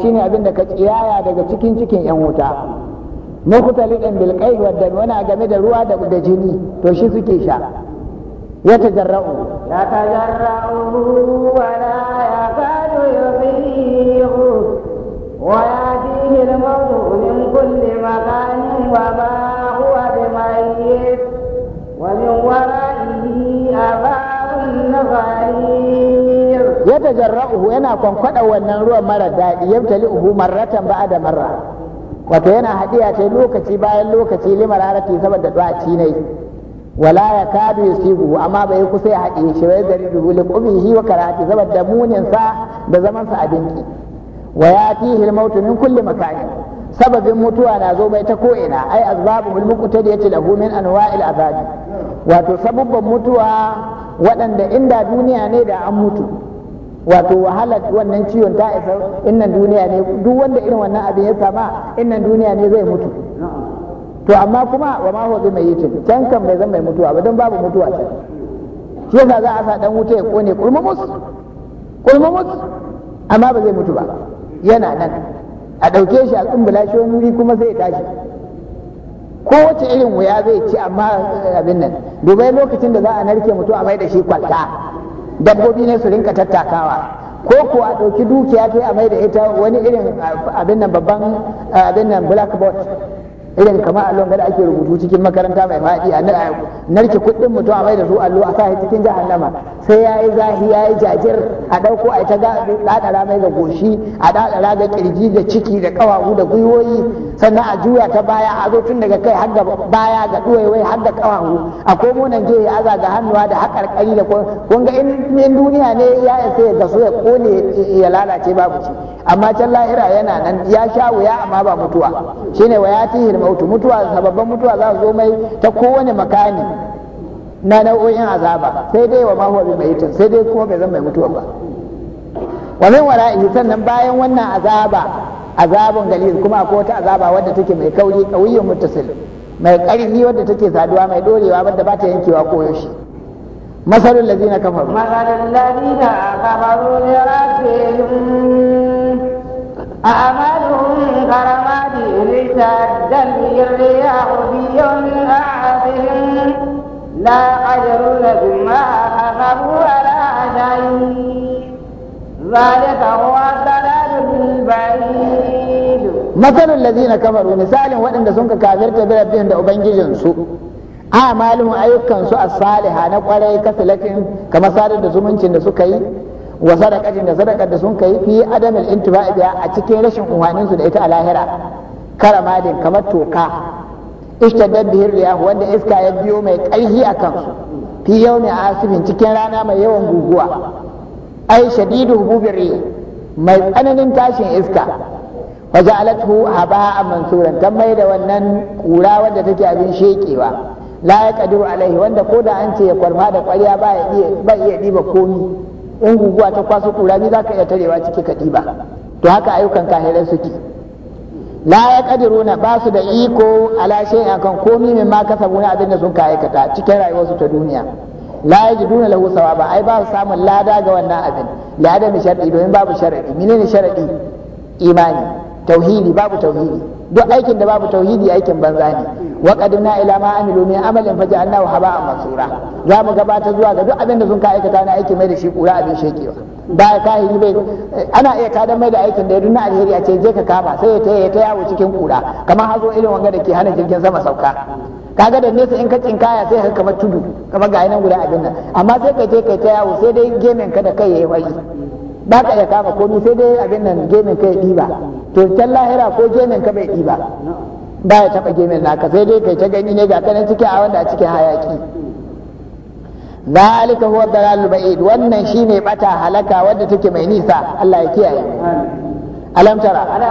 shi ne abin da ka tsiyaya daga cikin cikin yan wuta mukhtalidin bil qayl wad wadda nuna game da ruwa da da jini to shi suke sha ya tajarra'u ya tajarra'u wa la yakadu yufihu wa fi al-mawtu min kulli makanin wa ma huwa bimayyit wa min wara'ihi aba'un nafari ya tajarra'uhu yana kwankwada wannan ruwan mara daɗi tali uhu marratan ba'a da marra wato yana hadiya ce lokaci bayan lokaci limararati saboda duwaci ne wala ya kadu yusibu amma bai kusa ya haɗe shi bai gari dubu liqubihi wa karati saboda munin sa da zaman sa abinki wa yatihi al-maut min kulli makani sababin mutuwa na zo mai ta ko ina ai azbabuhul da yace lahu min anwa'il azabi wato sababban mutuwa waɗanda inda duniya ne da an mutu wato wahala wannan ciwon ta isa innan duniya ne duk wanda irin wannan abin ya sama innan duniya ne zai mutu to amma kuma wa ma hobi mai yitin can kan bai zan mai mutuwa ba don babu mutuwa can shi yasa za a sa dan wuta ya kone kulmumus kulmumus amma ba zai mutu ba yana nan a dauke shi a tsumbula shi wani wuri kuma zai tashi kowace irin wuya zai ci amma abin nan dubai lokacin da za a narke mutu a mai da shi kwalta dabbobi ne su rinka tattakawa ko kuwa ɗauki dukiya ke a mai da ita wani irin abin nan babban abin nan blackboard irin kamar allon gada ake rubutu cikin makaranta mai fadi a narke kuɗin mutum a mai da su allo a sahi cikin jahannama sai ya yi zahi ya yi jajir a ɗauko a ta ɗaɗara mai da goshi a ɗaɗara ga ƙirji da ciki da ƙawawu da gwiwoyi sannan a juya ta baya a zo tun daga kai har da baya ga ɗuwaiwai har da ƙawawu a komo nan je ya aza ga hannuwa da haƙarƙari da kun ga in duniya ne ya isa ya gaso ya kone ya lalace babu ci amma can lahira yana nan ya sha wuya amma ba mutuwa shine wa ya hirma mautu mutuwa sababban mutuwa za su zo mai ta kowane makani na nau'o'in azaba sai dai wa mahuwa bi maitin sai dai kuma bai zan mai mutuwa ba wa min sannan bayan wannan azaba azabun galil kuma ko wata azaba wadda take mai kauri kawiyyun muttasil mai ƙarfi wadda take saduwa mai dorewa wadda ba ta yankewa koyaushe masalul ladina kafaru masalul ladina kafaru أعمالهم كرماد ارتدت به الرياح في يوم أعظم لا قدر لكم ما كسبوا ولا شيء ذلك هو الضلال البعيد مثل الذين كفروا مثال وإن سنك كافرت بربهم ده أبنجيجن سوء amalin ayyukansu a saliha na kwarai kasalatin kamar sadar da zumuncin da suka yi wa da sadakar da sun kai fi adamil intiba'i biya a cikin rashin umarnin su da ita a lahira karamadin kamar toka ishtadad bihi riya wanda iska ya biyo mai ƙarfi akan su fi yawmi asifin cikin rana mai yawan guguwa ai shadidu hububiri mai tsananin tashin iska wa ja'alathu haba'an mansuran dan mai da wannan kura wanda take abin shekewa la ya alaihi wanda ko da an ce ya kwarma da kwariya ba ya iya ba iya diba komi in guguwa ta kwaso kurami za ka iya tarewa ciki ka ɗiba to haka ayyukan kahirai suke la ya kadiruna ba su da iko alashe a kan komi min ma kasabu abin da sun ka aikata cikin rayuwarsu ta duniya la duna lahu ba ai ba su samun lada ga wannan abin la adam shar'i domin babu shar'i menene shar'i imani tauhidi babu tauhidi duk aikin da babu tauhidi aikin banza ne wa qadna ila ma amilu min amalin faj'alnahu haba'an mansura za mu gabata zuwa ga duk abin da sun ka aikata na aiki mai da shi kura abin shekewa ba ka yi bai ana iya dan mai da aikin da ya dunna alheri a ce je ka kama sai ya taya ta yawo cikin kura kamar hazo irin wanga da ke hana jirgin sama sauka kaga da nesa in ka kaya sai ka kamar tudu kamar ga nan guda abin nan amma sai ka je ka ta yawo sai dai gemen ka da kai yayi wai ba ka iya kama komai sai dai abin nan gemen ka ya diba to tallahira lahira ko gemen ka bai diba ba ya taɓa gemin naka sai dai kai ta gani ne ga kanan ciki a wanda a cikin hayaki zalika huwa dalal ba'id wannan shine bata halaka wadda take mai nisa Allah ya kiyaye alam tara alam tara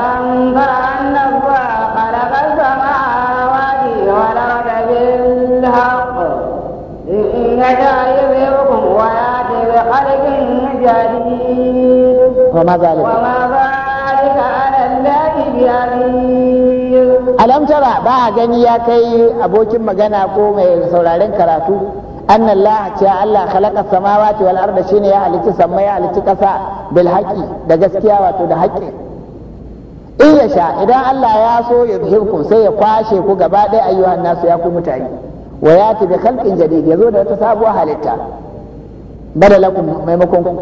anna huwa khalaqa samawati wal arda bil haqq in yadayyibukum wa yati bi khalqin jadid wa ma zalika wa ma zalika ala allahi bi'alim alamtara ba a gani ya kai abokin magana ko mai sauraren karatu anna Allah ce Allah khalaqa samawati wal arda shine ya halitta sama ya halitta kasa bil haqi da gaskiya wato da haƙƙi in ya sha idan Allah ya so ya zuhirku sai ya kwashe ku gaba ɗaya ayyuhan nasu ya ku mutane wa ya bi khalqin jadid zo da wata sabuwar halitta badalakum maimakon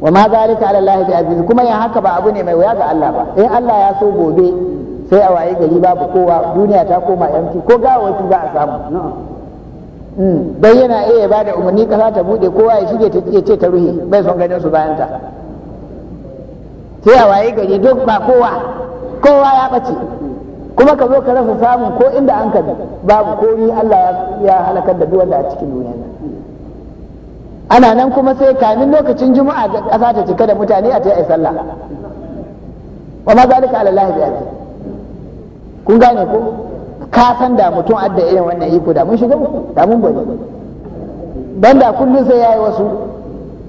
wa ma zalika ala Allah bi aziz kuma ya haka ba abu ne mai wuya ga Allah ba in Allah ya so gobe sai a waye gari babu kowa duniya ta koma yanki ko gawawaki za a samu hmm, don yana iya ba da umarni kasa ta bude kowa ya shige ta ce ta ruhi bai son ganin su bayan ta sai a waye gari duk ba kowa kowa ya bace kuma ka zo ka rasa samun ko inda an ka babu ko ni Allah ya halakar da duwanda wanda a cikin duniya ana nan kuma sai kamin lokacin juma'a kasa ta cika da mutane a ta yi sallah wa ma zalika ala lahi bi kun gane ko ka san da mutum adda irin wannan iko da mun shiga da mun bari dan da kullum sai yayi wasu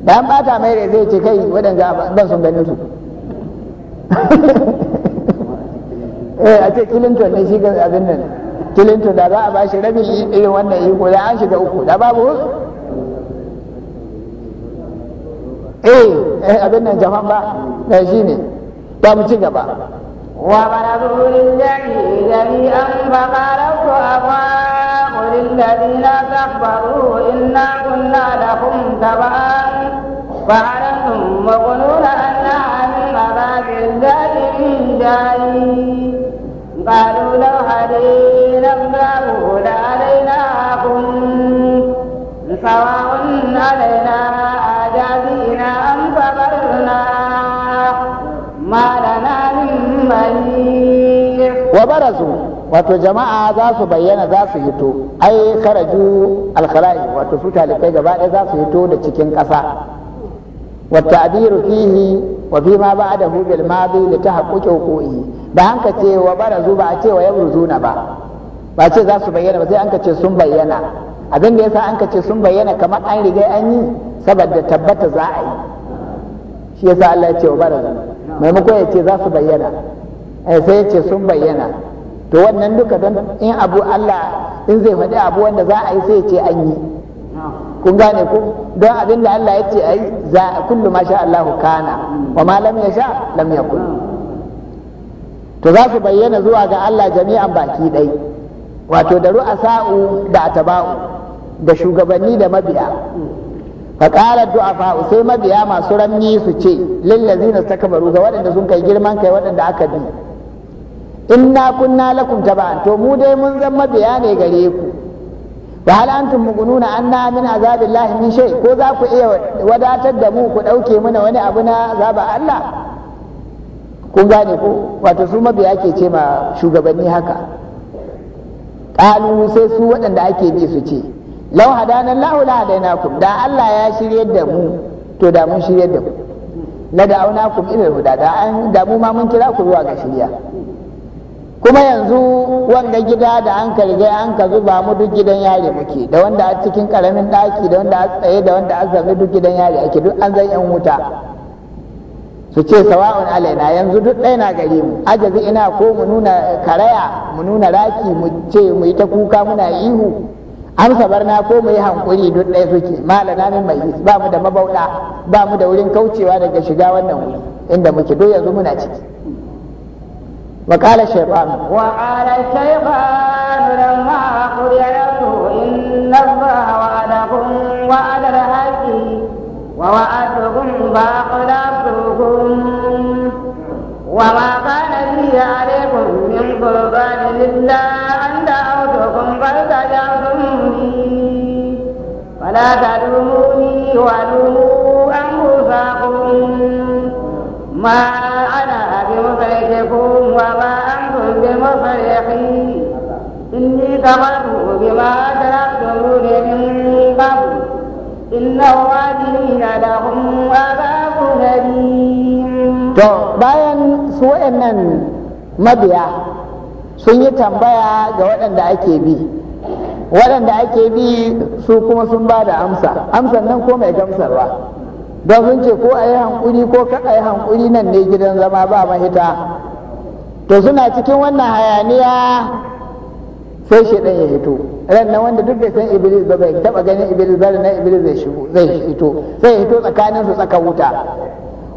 da an bata mai rai zai ce kai waɗanda ban sun ganin su eh a ce Clinton ne shi ga abin nan Clinton da za a bashi rabin irin wannan iko da an shiga uku da babu eh, eh abin nan jaman ba da eh, shi ne ba mu ci gaba وضربوا للذي جميعا فقال الضعفاء للذين استكبروا إنا كنا لكم تبعا فأنتم مغنون أن عن عذاب الله من شيء قالوا لو هدينا الله لهديناكم سواء علينا wa barazu wato jama'a za su bayyana za su hito ai karaju alkhala'i wato su talibai gaba ɗaya za su hito da cikin ƙasa wa ta'biru fihi wa fi ma ba'dahu bil madi li tahaqquqi huquqi ba an ce wa barazu ba a ce wa yabruzuna ba ba ce za su bayyana ba sai an ce sun bayyana abin da yasa an ka ce sun bayyana kamar an riga an yi saboda tabbata za a yi shi yasa Allah ya ce wa barazu maimakon ya ce za su bayyana Eh, sai ce sun bayyana to wannan duka don in abu Allah in zai faɗi abu wanda za a yi sai ce an yi kun gane ku don abin da Allah ya ce a yi za kullu ma sha Allah kana wa ma lam yasha lam yakun to za su bayyana zuwa ga Allah jami'an baki ɗai wato da ru'asa'u da ataba'u da shugabanni da mabiya faƙalar du'afa sai mabiya masu ranni su ce lillazina takabaru ga waɗanda sun kai girman kai waɗanda aka bi inna kunna lakum taba'an to mu dai mun zan biya ne gare ku wa hal antum mugununa anna min azabillahi min shay ko za ku iya wadatar da mu ku dauke mana wani abu na azaba Allah kun gane ko wato su mabiya ke ce ma shugabanni haka qalu sai su waɗanda ake bi su ce law hadana Allahu la kum, da Allah ya shiryar da mu to da mun shiryar da ku la da'awnakum ila huda da an da mu ma mun kira ku zuwa ga shiriya kuma yanzu wanda gida da an karge an ka zuba mu duk gidan yare muke da wanda a cikin karamin ɗaki da wanda a tsaye da wanda a zaune duk gidan yare ake duk an zan yan wuta su ce sawa'un alaina yanzu duk ɗaya na gare mu ajazi ina ko mu nuna karaya mu nuna raki mu ce mu yi ta kuka muna ihu amsa barna ko mu yi hankuri duk ɗaya suke malana min mai ba mu da mabauɗa ba mu da wurin kaucewa daga shiga wannan wuri inda muke do yanzu muna ciki وقال الشيطان وقال الشيطان لما قضي له إن الله وعدكم وعد الحق ووعدتكم فأخلفتكم وما كان لي عليكم من قربان إلا أن دعوتكم فاستجبتم لي فلا تلوموني ولوموا أنفسكم ما كفروا بما من قبل إن الظالمين لهم عذاب أليم to bayan su waɗannan mabiya sun yi tambaya ga waɗanda ake bi waɗanda ake bi su kuma sun ba da amsa amsan nan ko mai gamsarwa don sun ce ko a yi hankuri ko ka a yi hankuri nan ne gidan zama ba mahita to suna cikin wannan hayaniya sai shi ya hito ran nan wanda duk da san iblis ba bai taba ganin iblis ba na iblis zai shigo zai hito sai hito tsakanin su tsaka wuta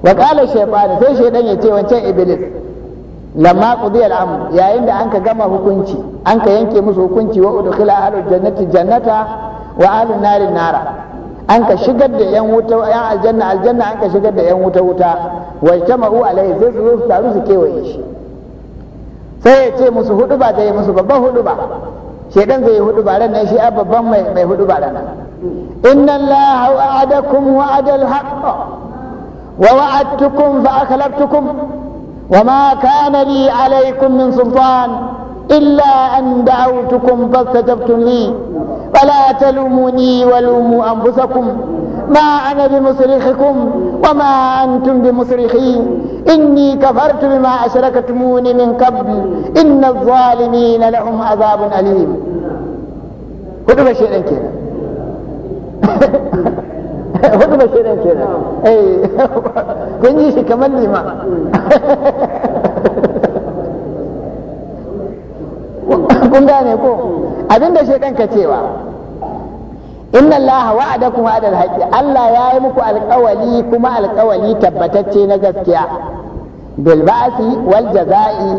wa qala shaytan sai shi ya ce wancan iblis lamma qudi al yayin da an ka gama hukunci an ka yanke musu hukunci wa udkhila ahlu jannati jannata wa ahlu nari nara an ka shigar da yan wuta ya aljanna aljanna an ka shigar da yan wuta wuta wa jama'u alaihi sai su taru su kewaye shi sai ya ce musu hudu ba zai yi musu babban hudu ba shedan zai yi hudu ba ran nan shi a babban mai mai hudu ba ran inna allaha wa'adakum wa'adal haqq wa wa'adtukum fa akhlaftukum wa ma kana li alaykum min sultan إلا أن دعوتكم فاستجبتم لي فلا تلوموني ولوموا أنفسكم ما أنا بمصرخكم وما أنتم بمصرخي إني كفرت بما أشركتموني من قبل إن الظالمين لهم عذاب أليم هدو كذا هذا ما بشيئا كذا اي كنجي شي كمان لي ما kun gane ko abinda shaidan ka cewa inna allaha wa'adakum wa'adal haqqi allah ya yi muku alƙawali kuma alƙawali tabbatacce na gaskiya bil ba'si wal jaza'i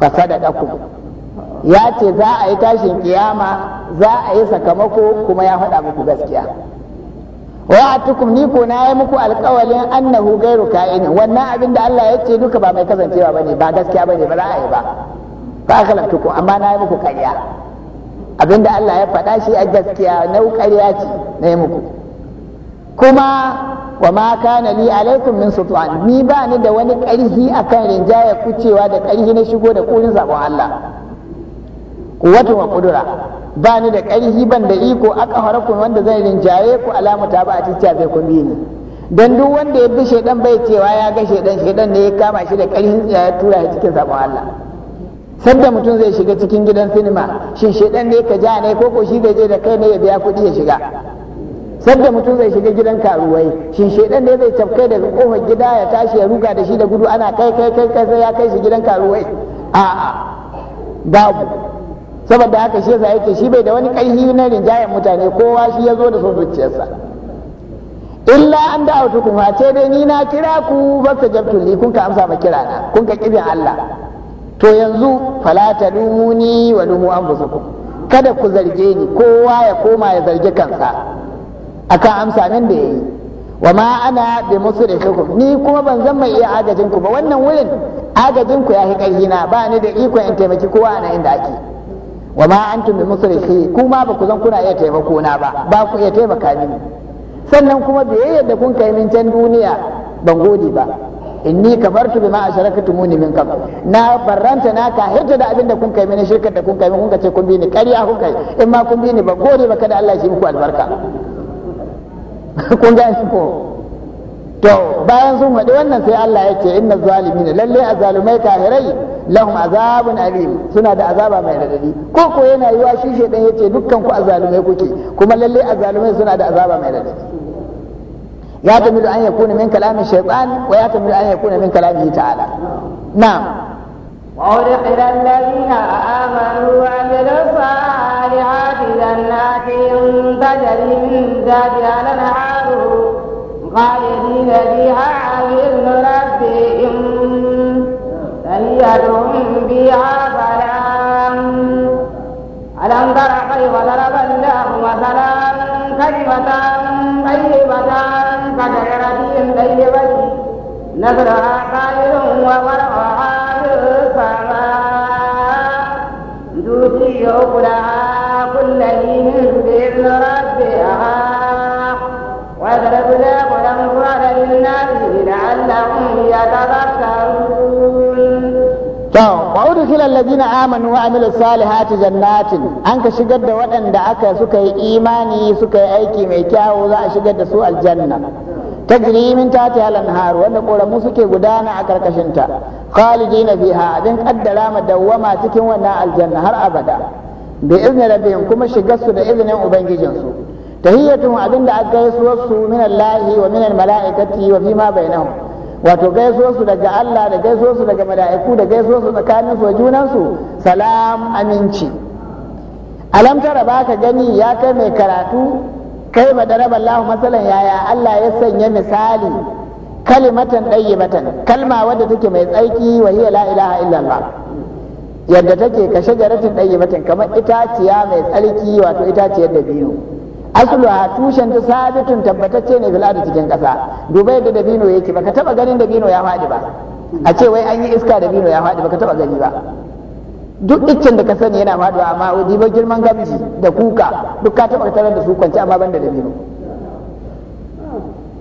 fa sadaqakum ya ce za a yi tashin kiyama za a yi sakamako kuma ya faɗa muku gaskiya wa'atukum ni ko na yi muku alƙawalin annahu gairu ka'in wannan abin da Allah ya ce duka ba mai kasancewa bane ba gaskiya bane ba za a yi ba fa ku amma na yi muku karya abinda Allah ya faɗa shi a gaskiya na ƙarya ce na yi muku kuma wa ma kana li alaikum min sultan ni ba ni da wani ƙarfi akan rinjaya kucewa da ƙarfi na shigo da kurin sabon Allah kuwatu wa kudura ba ni da ƙarfi ban da iko aka harakun wanda zai rinjaye ku alamata ba a cikin sai ku bi ni dan duk wanda ya bi shedan bai cewa ya ga shedan shedan ne ya kama shi da ƙarfi ya tura shi cikin sabon Allah sadda mutum zai shiga cikin gidan sinima shin shaidan ne ka ja ne ko ko shi zai je da kai ne ya biya kuɗi ya shiga sadda mutum zai shiga gidan karuwai shin shaidan ne zai tafkai daga kofar gida ya tashi ya ruga da shi da gudu ana kai kai kai kai sai ya kai shi gidan karuwai a'a babu saboda haka shi yasa yake shi bai da wani ƙarfi na rinjayen mutane kowa shi ya zo da son zuciyarsa illa an da'awtukum fa ce dai ni na kira ku ba ta jabtu kun ka amsa ma kira na kun ka kibin Allah to yanzu fala dumuni wa lumu anfusakum kada ku zarge ni kowa ya koma ya zarge kansa akan amsa nan da yayi wa ma ana bi musrikum ni kuma ban zan mai iya agajin ku ba wannan wurin agajin ku ya fi karfi ba ni da ikon in taimaki kowa ana inda ake wa ma antum bi shi kuma ba ku zan kuna iya taimako na ba ba ku iya taimaka mini sannan kuma biyayyar da kun kai min can duniya ban gode ba inni kafartu bima asharaktumuni min qabl na barranta na kahirta da abinda kun kai mini shirkar da kun kai kun ce kun bi ni kariya kun kai in ma kun bi ni ba gode ba kada Allah ya shi muku albarka kun gane ko to bayan sun wadi wannan sai Allah ya ce inna zalimin lalle azalumai kahirai lahum azabun alim suna da azaba mai radadi ko ko yana yiwa shi shedan yace dukkan ku azalumai kuke kuma lalle azalumai suna da azaba mai radadi يحتمل أن يكون من كلام الشيطان ويحتمل أن يكون من كلامه تعالى نعم إلى الذين آمنوا وعملوا الصالحات جنات تجري من تحتها الأنهار خالدين فيها بإذن ربهم تليتهم بها سلام ألم تر كيف ضرب الله مثلا كلمة طيبة فنظر بهم بين وجهه نظرها طائر وورعها بالسماء دوتي أكلها كل حين بإذن ربها واضرب لهم الأمثال للناس لعلهم يتذكرون To, wa udkhila alladhina amanu wa amilu salihati jannatin an ka shigar da waɗanda aka suka yi imani suka yi aiki mai kyawu za a shigar da su aljanna tajri min tahtiha al-anhar wanda koramu suke gudana a karkashin ta khalidina fiha abin kaddara madawwama cikin wannan aljanna har abada bi izni rabbihim kuma shigarsu da izinin ubangijin su tahiyyatuhum abin da aka gaisuwar su min Allah wa min al-mala'ikati wa fima wato gaisuwar daga Allah da gaisuwar su daga mala'iku da gaisuwar su tsakanin su junan su salam aminci alam tara baka gani ya kai mai karatu kai ba da raba Allah matsalan yaya Allah ya sanya misali kalimatan ɗayyibatan kalma wadda take mai tsarki wa hiya la ilaha illallah yadda take ka shajaratin ɗayyibatan kamar itaciya mai tsarki wato itaciyar dabino. biyu a tushen ta sabitun tabbatacce ne da cikin ƙasa dubai yadda dabino yake baka taba ganin dabino ya faɗi ba a ce wai an yi iska dabino ya faɗi baka taba gani ba duk iccen da ka sani yana faduwa amma ba girman gamji da kuka duk ka taɓa tarar da su kwanci amma ban da biyu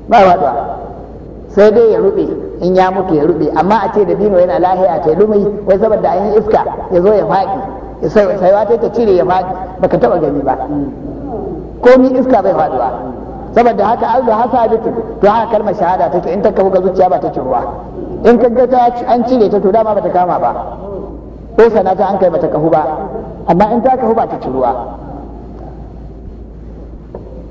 ba faduwa sai dai ya rube in ya mutu ya rube amma a ce da dabino yana lahiya ta lumi wai saboda an yi iska ya zo ya faɗi sai wata ta cire ya faɗi baka taɓa gani ba komi iska bai faduwa saboda haka alda hasabitu to haka kalmar shahada take in ta kafu ga zuciya ba ta ruwa in ka ga ta an cire ta to dama ba ta kama ba ko sana ta an kai bata kahu ba amma in ta kahu ba ta ciruwa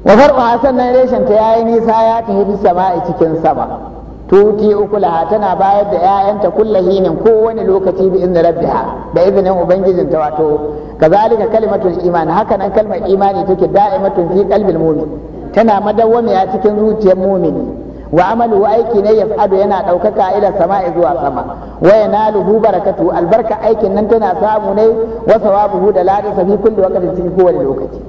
wa far'a sannan reshen ta yayi nisa ya tafi bi sama'i cikin sama tuti laha tana bayar da 'ya'yanta kullahinin ko wani lokaci bi izni rabbiha da izinin ubangijinta wato kazalika kalimatul iman haka nan kalmar imani take da'imatun fi qalbil mu'min tana madawwamiya cikin zuciyar mu'mini wa amalu aiki ne ya fado yana ɗaukaka ila sama'i zuwa sama wa yanaluhu barakatu albarka aikin nan tana samu ne wa sawabuhu da ladin sa fi kulli waqtin cikin kowane lokaci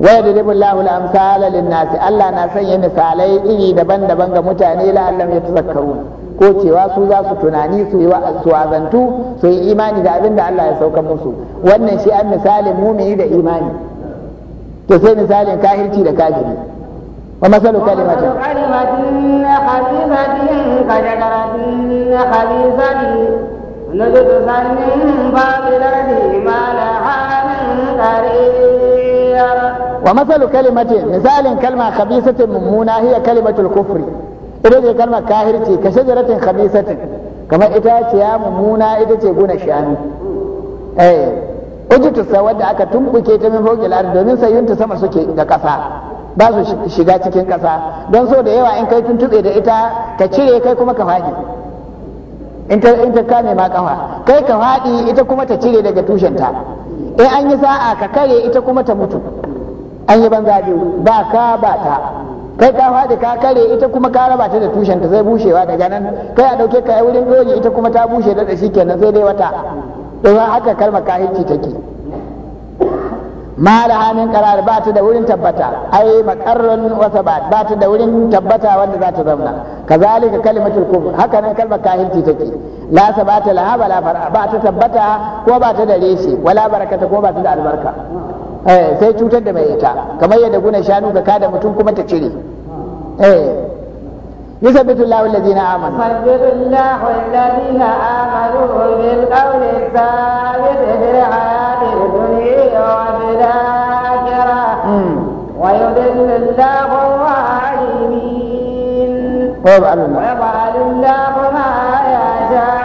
wa yadribu Allahu al-amsala lin-nasi Allah na sanya misalai iri daban-daban ga mutane la'allam yatazakkarun ko cewa su za su tunani su yi wa'azantu su yi imani da abin da Allah ya sauka musu wannan shi an misalin mumini da imani to sai misalin kahirci da kafiri ومثل كلمة كلمة خبيثة كشجرة خبيثة نجدها من باب الأرض ما لها من قرير ومثل كلمة مثال كلمة خبيثة ممونة هي كلمة الكفر kamar ita mummuna ita ce guna shanu eh ujitu wadda aka tumbuke ta min fawqil domin sayunta sama suke da ƙasa ba su shiga cikin ƙasa don so da yawa in kai tuntuɓe da ita ta cire kai kuma ka faɗi in ta kame ma kafa kai ka faɗi ita kuma ta cire daga tushenta in an yi sa'a ka kare ita kuma ta mutu an yi banza biyu ba ka ba ta kai ka faɗi ka kare ita kuma ka raba ta da tushenta zai bushewa daga nan kai a ɗauke ka yi wurin ɗoji ita kuma ta bushe da shi kenan sai dai wata don haka kalmar ta take ma laha min qarar ba ta da wurin tabbata ai makarrun wasa sabat ba ta da wurin tabbata wanda za ta zauna kazalika kalimatul kufr haka nan kalmar kafirci take la sabata laha wala fara ba ta tabbata ko ba ta da reshe wala barakata ko ba ta da albarka eh sai cutar da mai ita kamar yadda guna shanu ga kada mutum kuma ta cire eh يثبت الله الذين آمنوا يثبت الله الذين آمنوا بالقول الثابت في العادل شاكرا ويذل الله الظالمين ويفعل الله ما يشاء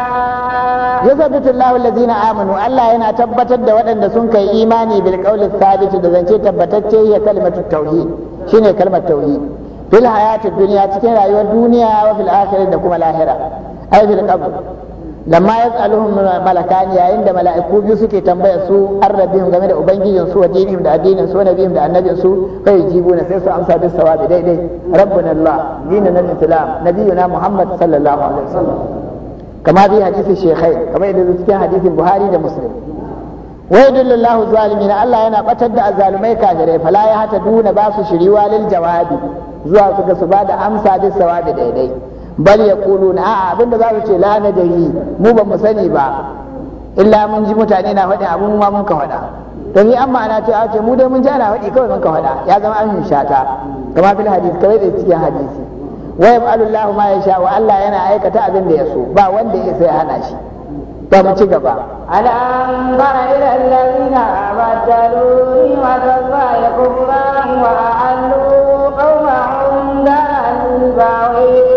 يثبت الله الذين آمنوا ألا ينا تبتت دا ودن سنك إيماني بالقول الثابت دا زنشي تبتت هي كلمة التوحيد شنو كلمة التوحيد في الحياة الدنيا تكين رأيوة الدنيا وفي الآخرة دا كما الآخرة أي في القبر lamma yas'aluhum malakan yayin da mala'iku biyu suke tambayar su arrabihim game da ubangijin su wa dinihim da addinin su wa nabiyim da annabin su fa yajibuna sai su amsa bis sawabi daidai rabbuna allah dinuna al-islam nabiyuna muhammad sallallahu alaihi wasallam kama bi hadisi shekhai kamar yadda cikin hadisin buhari da muslim wa yadullu allah zalimin allah yana batar da azalumai kafirai fala ya hata duna ba su shiriwa jawabi zuwa su su bada amsa bis daidai bal ya kulu na a abinda za su ce la dari mu ba mu sani ba illa mun ji mutane na faɗi abu ma mun ka faɗa to ni an ma'ana ce a ce mu dai mun ji ana faɗi kawai mun ka faɗa ya zama an shata kama fil hadisi kawai da cikin hadisi wa yaf'alu Allahu ma yasha wa Allah yana aikata abin da ya so ba wanda ya sai hana shi Ba mu ci gaba alam bara ila abadalu wa wa bawi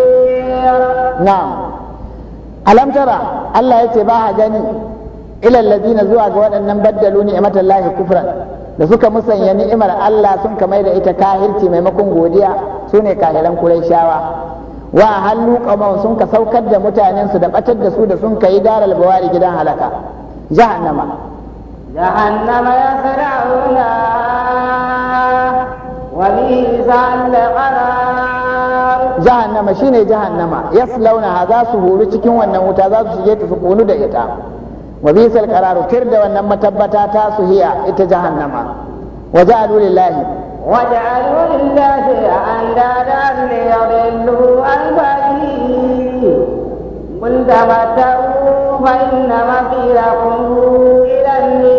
na'am alam tara Allah yace ba ha gani ilal ladina zuwa ga waɗannan baddalu imatan lahi kufran da suka musanya ni'imar Allah sun kamar da ita kahirci maimakon godiya sune kahiran kuraishawa wa halu qawman sun ka saukar da mutanen su da batar da su da sun kai daral bawari gidan halaka jahannama jahannama sarauna wa bi'sa zal qara jahannama shine jahannama yaslaunaha za su huru cikin wannan wuta za su shige ta su kunu da ita wa bisal qararu tir da wannan matabbata ta su hiya ita jahannama wa ja'alu lillahi wa ja'alu lillahi andadan li yadillu an sabili qul tamattu fa inna maqirakum ilanni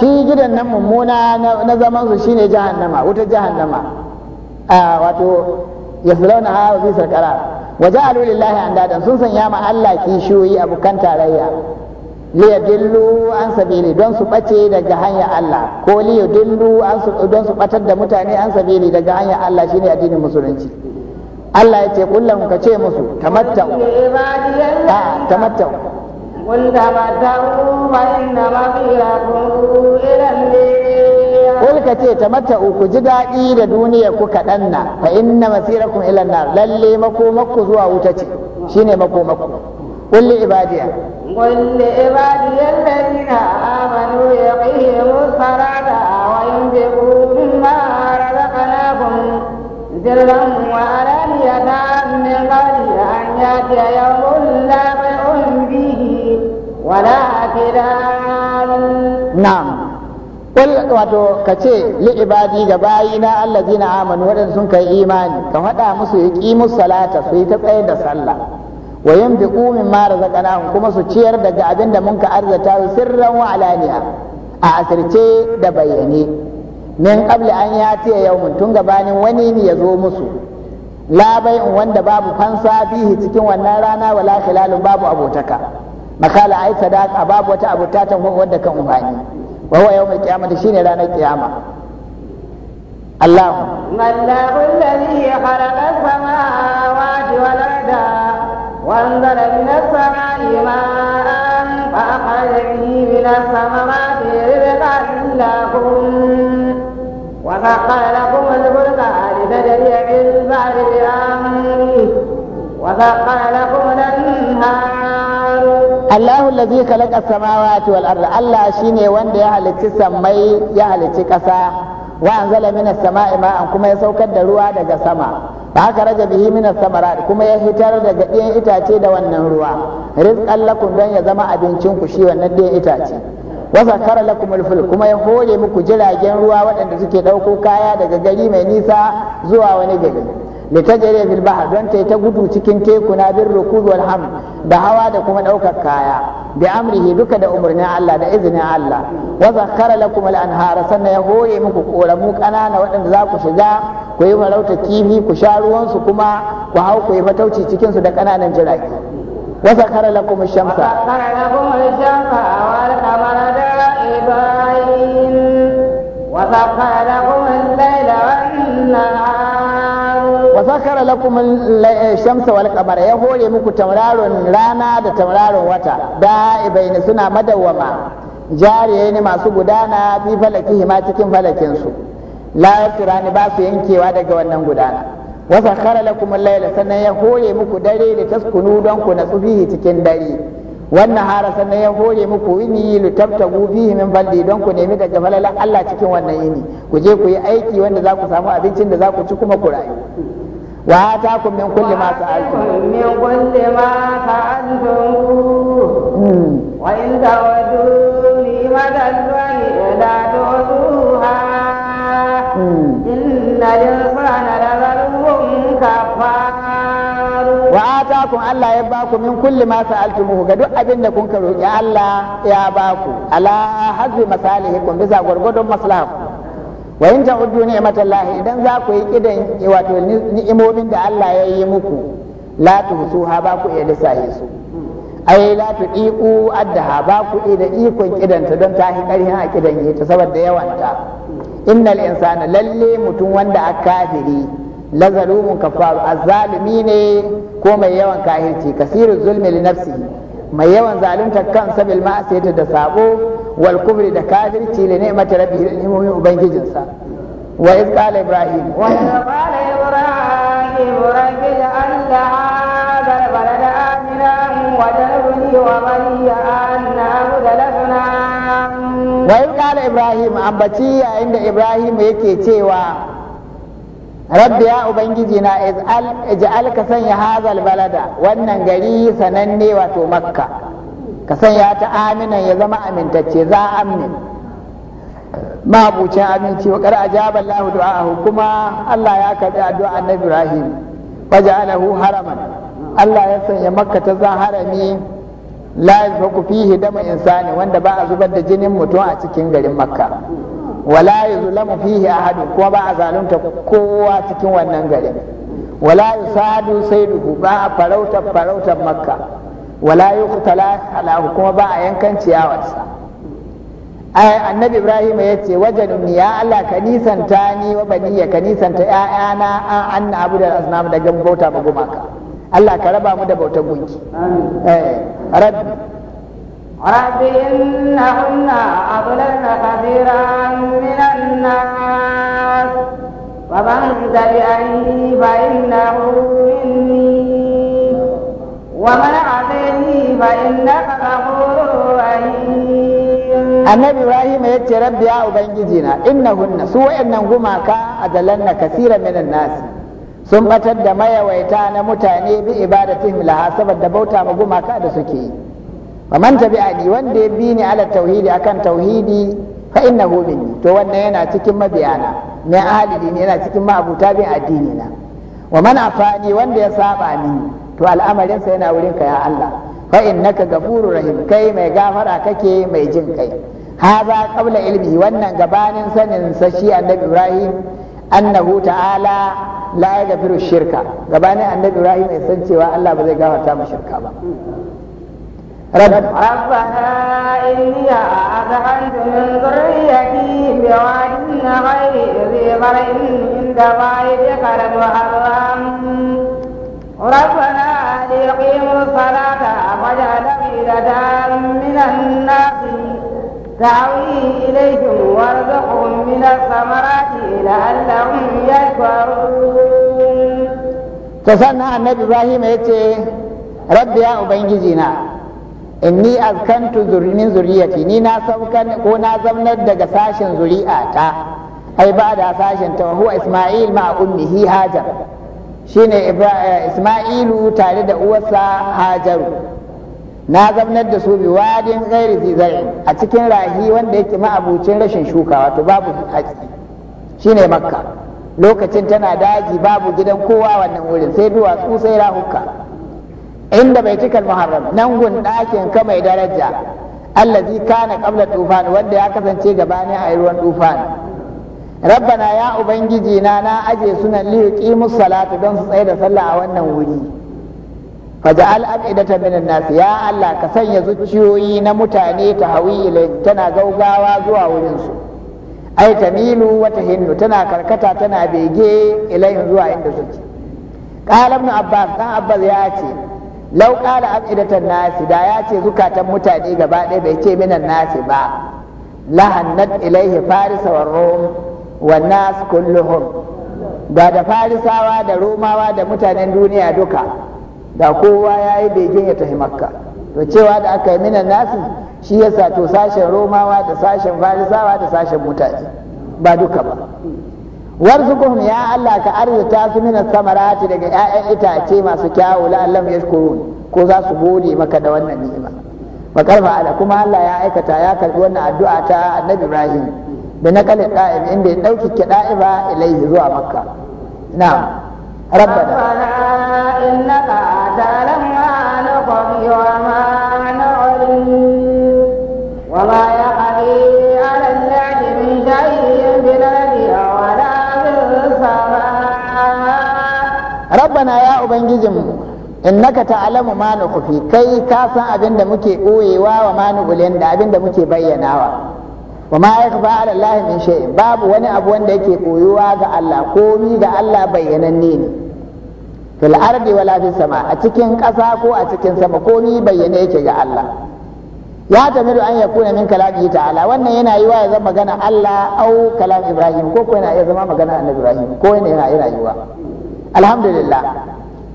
shi gidan nan mummuna na zaman su shine jahannama wuta jahannama ah, wato yaslawna ha wa bisal qarar wa ja'alu lillahi andadan sun sanya ma Allah ki kishiyoyi abukan tarayya yadillu an sabili don su bace daga hanya Allah ko yadillu an su don su batar da mutane an sabili daga hanya Allah shine addinin musulunci Allah ya ce kullum ka ce musu tamattau a ah, tamattau wanda ba ta ba inna ma fiyakum ila al kul ka ce mata uku, ji daɗi da duniya ku kaɗan na fa inna masirakum ila nar lalle mako mako zuwa wuta ce shine mako mako. Kulli ibadiya qul li ibadiya alladhina amanu yaqimu as-salata wa yunfiqu mimma razaqnahum sirran wa alaniyatan min qabli an ya yawmun la bay'un fihi wa la khilal na'am Kul wato ka ce li ga bayi na zina amanu waɗanda sun kai imani ka faɗa musu ya ƙi musu salata su yi ta tsaye da sallah wa yin bi mara ma kuma su ciyar daga abin da mun ka arzata sirran wa alaniya a asirce da bayyane min qabli an yau mun tun gabanin wani ne ya zo musu Labai in wanda babu fansa fihi cikin wannan rana wala khilalun babu abotaka makala ai sadaka babu wata abu ta wadda kan umfani وهو يوم القيامة شين نهاية القيامة الله ما الله الذي خلق السماوات والأرض وأنزل من السماء ماء فأخرج به من الثمرات رزقا لكم وسخر لكم الفلك لتجري في البحر بأمره وسخر لكم الأنهار Allahu lazi khalaqa samawati wal arda Allah shine wanda ya halicci sammai ya halicci ƙasa wa anzala minas sama'i ma'an kuma ya saukar da ruwa daga sama fa haka raja bihi minas samarat kuma ya hitar daga ɗiyan itace da wannan ruwa rizqan lakum ya zama abincin ku shi wannan ɗiyan itace wa zakara lakum kuma ya hore muku jiragen ruwa waɗanda suke ɗauko kaya daga gari mai nisa zuwa wani gari litajri fil bahr don ta ta gudu cikin teku na bir rukud wal ham da hawa da kuma daukar kaya bi amrihi duka da umarnin Allah da izinin Allah wa zakkara lakum al anhara sannan ya hoye muku koramu kanana waɗanda za ku shiga ku yi farauta kifi ku sha ruwan su kuma ku hau ku yi fatauci cikin su da kananan jiragi wa zakkara lakum ash-shamsa wa zakkara sakara lakum eh, shamsa wal qamara ya hore muku tauraron rana da tauraron wata da'ibaini suna madawwama jariye ne masu gudana fi falakihi ma cikin falakin su la basu ba su yankewa daga wannan gudana wa sakara lakum al-layla sannan ya hore muku dare da taskunu don ku natsu fihi cikin dare wannan hara sannan ya hore muku wini litabtagu fihi min faldi don ku nemi daga falalan Allah cikin wannan yini ku je ku yi aiki wanda za ku samu abincin da za ku ci kuma ku rayu وآتاكم من كل ما سألتم من كل ما سألتم وإن تودوا نعمة الله لا تؤتوها إن الإنسان لظلم كفار وآتاكم الله يباكم من كل ما سألتموه قد أبن كنكم يا الله يا باكم على حسب مصالحكم بزا غرغدهم مصلحكم wa in ta'uddu lahi idan za ku yi kidan wato ni'imomin da Allah ya yi muku la tuhsuha ba ku iya lissahi su ai la tudiku addaha ba ku da ikon ƙidanta don ta hi karhin a kidan ta saboda yawanta innal insana lalle mutum wanda a kafiri lazalumun kafaru azzalimi ne ko mai yawan kahirci kasiru zulmi li nafsihi mai yawan zalunta kan sabil ma'asiyati da sabo wal kubri da kafirci da ni'mati da nimomin ubangijinsa wa iz qala ibrahim wa qala ibrahim an bacci yayin da ibrahim yake cewa rabbi ya ubangiji na ij'al ka sanya hazal balada wannan gari sananne wato makka ka sanya ta aminan ya zama amintacce za amin mabucin aminci wa a ajaba Allah du'ahu kuma Allah ya karbi addu'a annabi Ibrahim waja'alahu haraman Allah ya sanya makka ta zan harami la yazfaku fihi dama insani wanda ba a zubar da jinin mutum a cikin garin makka wala yuzlamu fihi hadu kuma ba a zalunta kowa cikin wannan garin wala sai saiduhu ba a farautar farautar makka wala kutala alahu kuma ba a yankan ciyawarsa annabi ibrahim ya ce wajen ni ya allah ka nisanta ni wa ya ka nisanta ƴaƴana an anna abu da asnam daga bauta ba gumaka allah ka raba mu da bautar gunki eh, rabbi رب إنهن أضللن كثيرا من الناس ومن تبعني فإنه مني ومن عصيني فإنك غفور رحيم النبي إبراهيم يتي ربي يا أبنجينا إنهن سوى إنهم غماكا أضللن كثيرا من الناس sun batar da mayawaita na mutane bi ibadatihim laha saboda bauta ma gumaka da suke yi faman tabi'ani wanda ya bi ni ala tauhidi akan tauhidi fa innahu minni to wannan yana cikin mabiyana ne ahli dini yana cikin ma'abuta bin addini na wa man afani wanda ya saba ni to al'amarin sa yana wurin ka ya Allah fa innaka gafurur rahim kai mai gafara kake mai jin kai haza qabla ilmi wannan gabanin sanin sa shi annabi Ibrahim annahu ta'ala la yaghfiru shirka gabanin annabi Ibrahim ya san cewa Allah ba zai gafarta mu shirka ba رب ربنا إني أذهبت من ذريتي بواد غير ذي ضرع من عند بيتك المحرم ربنا ليقيموا الصلاة فاجعل أفئدة من الناس تعوي إليهم وارزقهم من الثمرات لعلهم يشكرون تسنى النبي إبراهيم يتي ربي يا أبنجزنا inni azkantu min zuriyati ni na saukan ko na zamnar daga sashen zuri'ata ai ba da sashen ta huwa isma'il ma ummihi hajar shine eh, isma'ilu tare da uwarsa hajaru na zamnar da su bi wadin ghairi zizai a cikin rahi wanda yake ma'abucin rashin shuka wato babu haƙi shine makka lokacin tana daji babu gidan kowa wannan wurin sai duwatsu sai rahuka inda bai cikal muharram nan gun ɗakin ka mai daraja allazi kana qabla tufan wanda ya kasance gabanin a ruwan tufan rabbana ya ubangiji na na aje sunan li yuqimu salata don su tsaya da sallah a wannan wuri faja'al afidata minan nas ya allah ka sanya zuciyoyi na mutane ta hawi tana gaugawa zuwa wurin su ai tamilu wata hindu tana karkata tana bege ilai zuwa inda suke qala abbas dan abbas ya ce lau an idatan nasi da ya ce zukatan mutane gaba ɗaya bai ce minan nasi ba lahannat ilaihi farisa wa rom wa nas kulluhum ba da farisawa da romawa da mutanen duniya duka da kowa ya yi begin ya tafi makka to cewa da aka yi minan nasi shi yasa to sashen romawa da sashen farisawa da sashen mutane ba duka ba warzuqhum ya Allah ka arzuta su min samarati daga 'ya'yan itace masu kyawu la'allam yashkurun ko za su gode maka da wannan ni'ima wa ala kuma Allah ya aikata ya karbi wannan addu'a ta Annabi Ibrahim bi na qa'im inda ya dauki kida'iba ilaihi zuwa makka na'am ربنا إنك تعلم ما نقضي وما نعلم وما rabbana ya ubangijinmu innaka ta'lamu ma nukhfi kai ka san abin da muke koyewa wa ma da abin da muke bayyanawa wa ma yakfa 'ala Allah min shay babu wani abu wanda yake koyuwa ga Allah komi ga Allah bayyananne ne fil ardi wala fis sama a cikin ƙasa ko a cikin sama komi bayyane yake ga Allah ya tamiru an yakuna min kalami ta'ala wannan yana yiwa ya zama magana Allah au kalam Ibrahim ko ko yana iya zama magana Annabi Ibrahim ko yana yana yiwa الحمد لله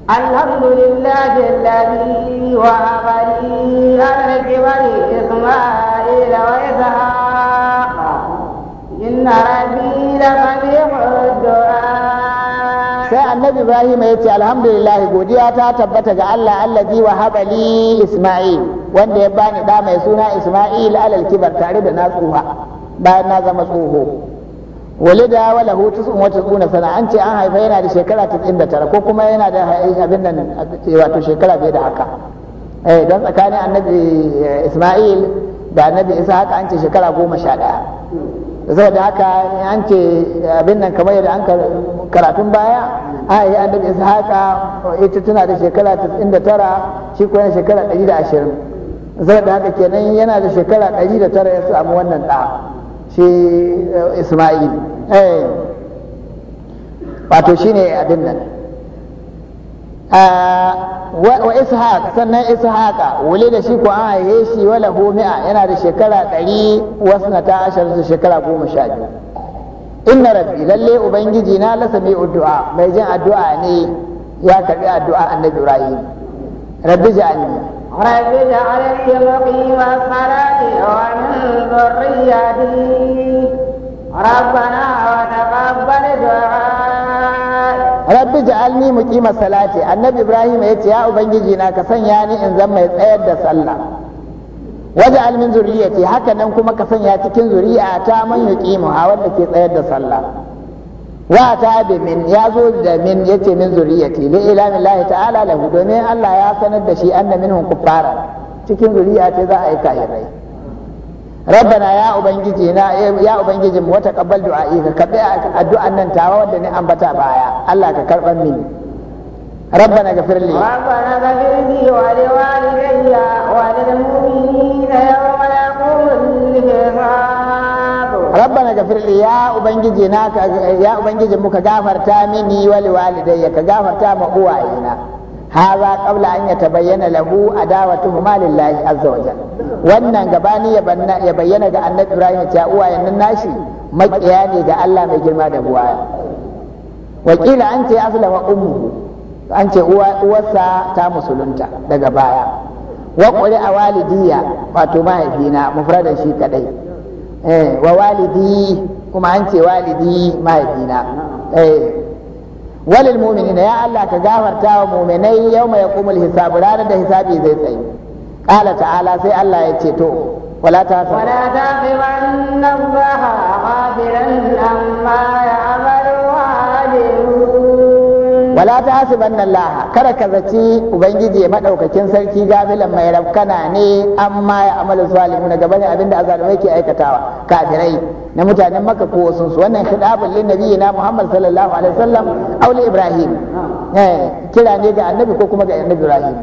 الحمد لله الذي وهب لي على الكبر إسماعيل وإسحاق إن ربي لسميع الدعاء sai annabi Ibrahim ya ce alhamdulillah godiya ta tabbata ga Allah allazi wa habali Isma'il wanda ya bani da mai suna Isma'il alal kibar tare da na tsuha bayan na zama tsoho Wali da hu tis'un wa tis'una sana an ce an haifa yana da shekara 99 ko kuma yana da abin nan wato shekara fiye da haka eh, don tsakanin annabi eh, Isma'il da annabi Isa haka an ce shekara 11 saboda haka an ce abin nan kamar yadda an karatun baya a yi annabi Isa haka ita tana da shekara 99 shi ko yana shekara haka kenan yana da shekara ya samu wannan shi eh, Isma'il eh wato shine abin nan ah, wa ishaq sannan ishaqa wule da shi ko an haihe shi wala mi'a yana da shekara ɗari wasu na ta ashar da shekara goma sha biyu inna rabbi lalle ubangiji na la sami'u du'a mai jin addu'a ne ya karbi addu'a annabi ibrahim rabbi ja'alni رب اجعلني مقيم الصلاة ومن ذريتي ربنا وتقبل دعاء rabbi ja'alni muqima salati annabi ibrahim ya ce ya ubangiji na ka sanya ni in zan mai tsayar da sallah waja'al min zurriyati haka nan kuma ka sanya cikin zuri'a ta man yuqimu a wanda ke tsayar da sallah wa ta min ya zo da min yace min zuriyati li ilamin lahi ta'ala lahu domin Allah ya sanar da shi anna minhum kuffara cikin zuriya ce za a yi kafirai rabbana ya ubangiji na ya ubangiji mu wata kabbal du'a'i ka kabe addu'an nan tawa wanda ni ambata baya Allah ka karban min. rabbana gafirli rabbana gafirli wa liwalidayya wa rabbana gafir li ya ubangiji na ya ubangiji muka gafarta mini wali walidayya ka gafarta ma uwayena hadha qabla an yatabayyana lahu huma lillahi azza wa jalla wannan gabani ya bayyana ga annabi ibrahim ta uwayen nashi makiya ne ga Allah mai girma da buwaya wakila an ce wa ummu an ce uwarsa ta musulunta daga baya wa a walidiyya wato mahaifina mufradan shi kadai eh wa walidi kuma an ce walidi mahaifina eh walil mu'minina ya Allah ka gafarta wa mu'minai yawma yaqumul hisabu ranar da hisabi zai tsayi qala ta'ala sai Allah ya ce to wala ta wala ta bi anna amma ya wala ta hasiban Allah kada ka zaci ubangiji madaukakin sarki gafilan mai rafkana ne amma ya amalu salihu na gaban abinda azalumai ke aikatawa kafirai na mutanen makka ko wasu su wannan khidabul lin nabiyyi na Muhammad sallallahu alaihi wasallam auli Ibrahim eh kira ne ga annabi ko kuma ga annabi Ibrahim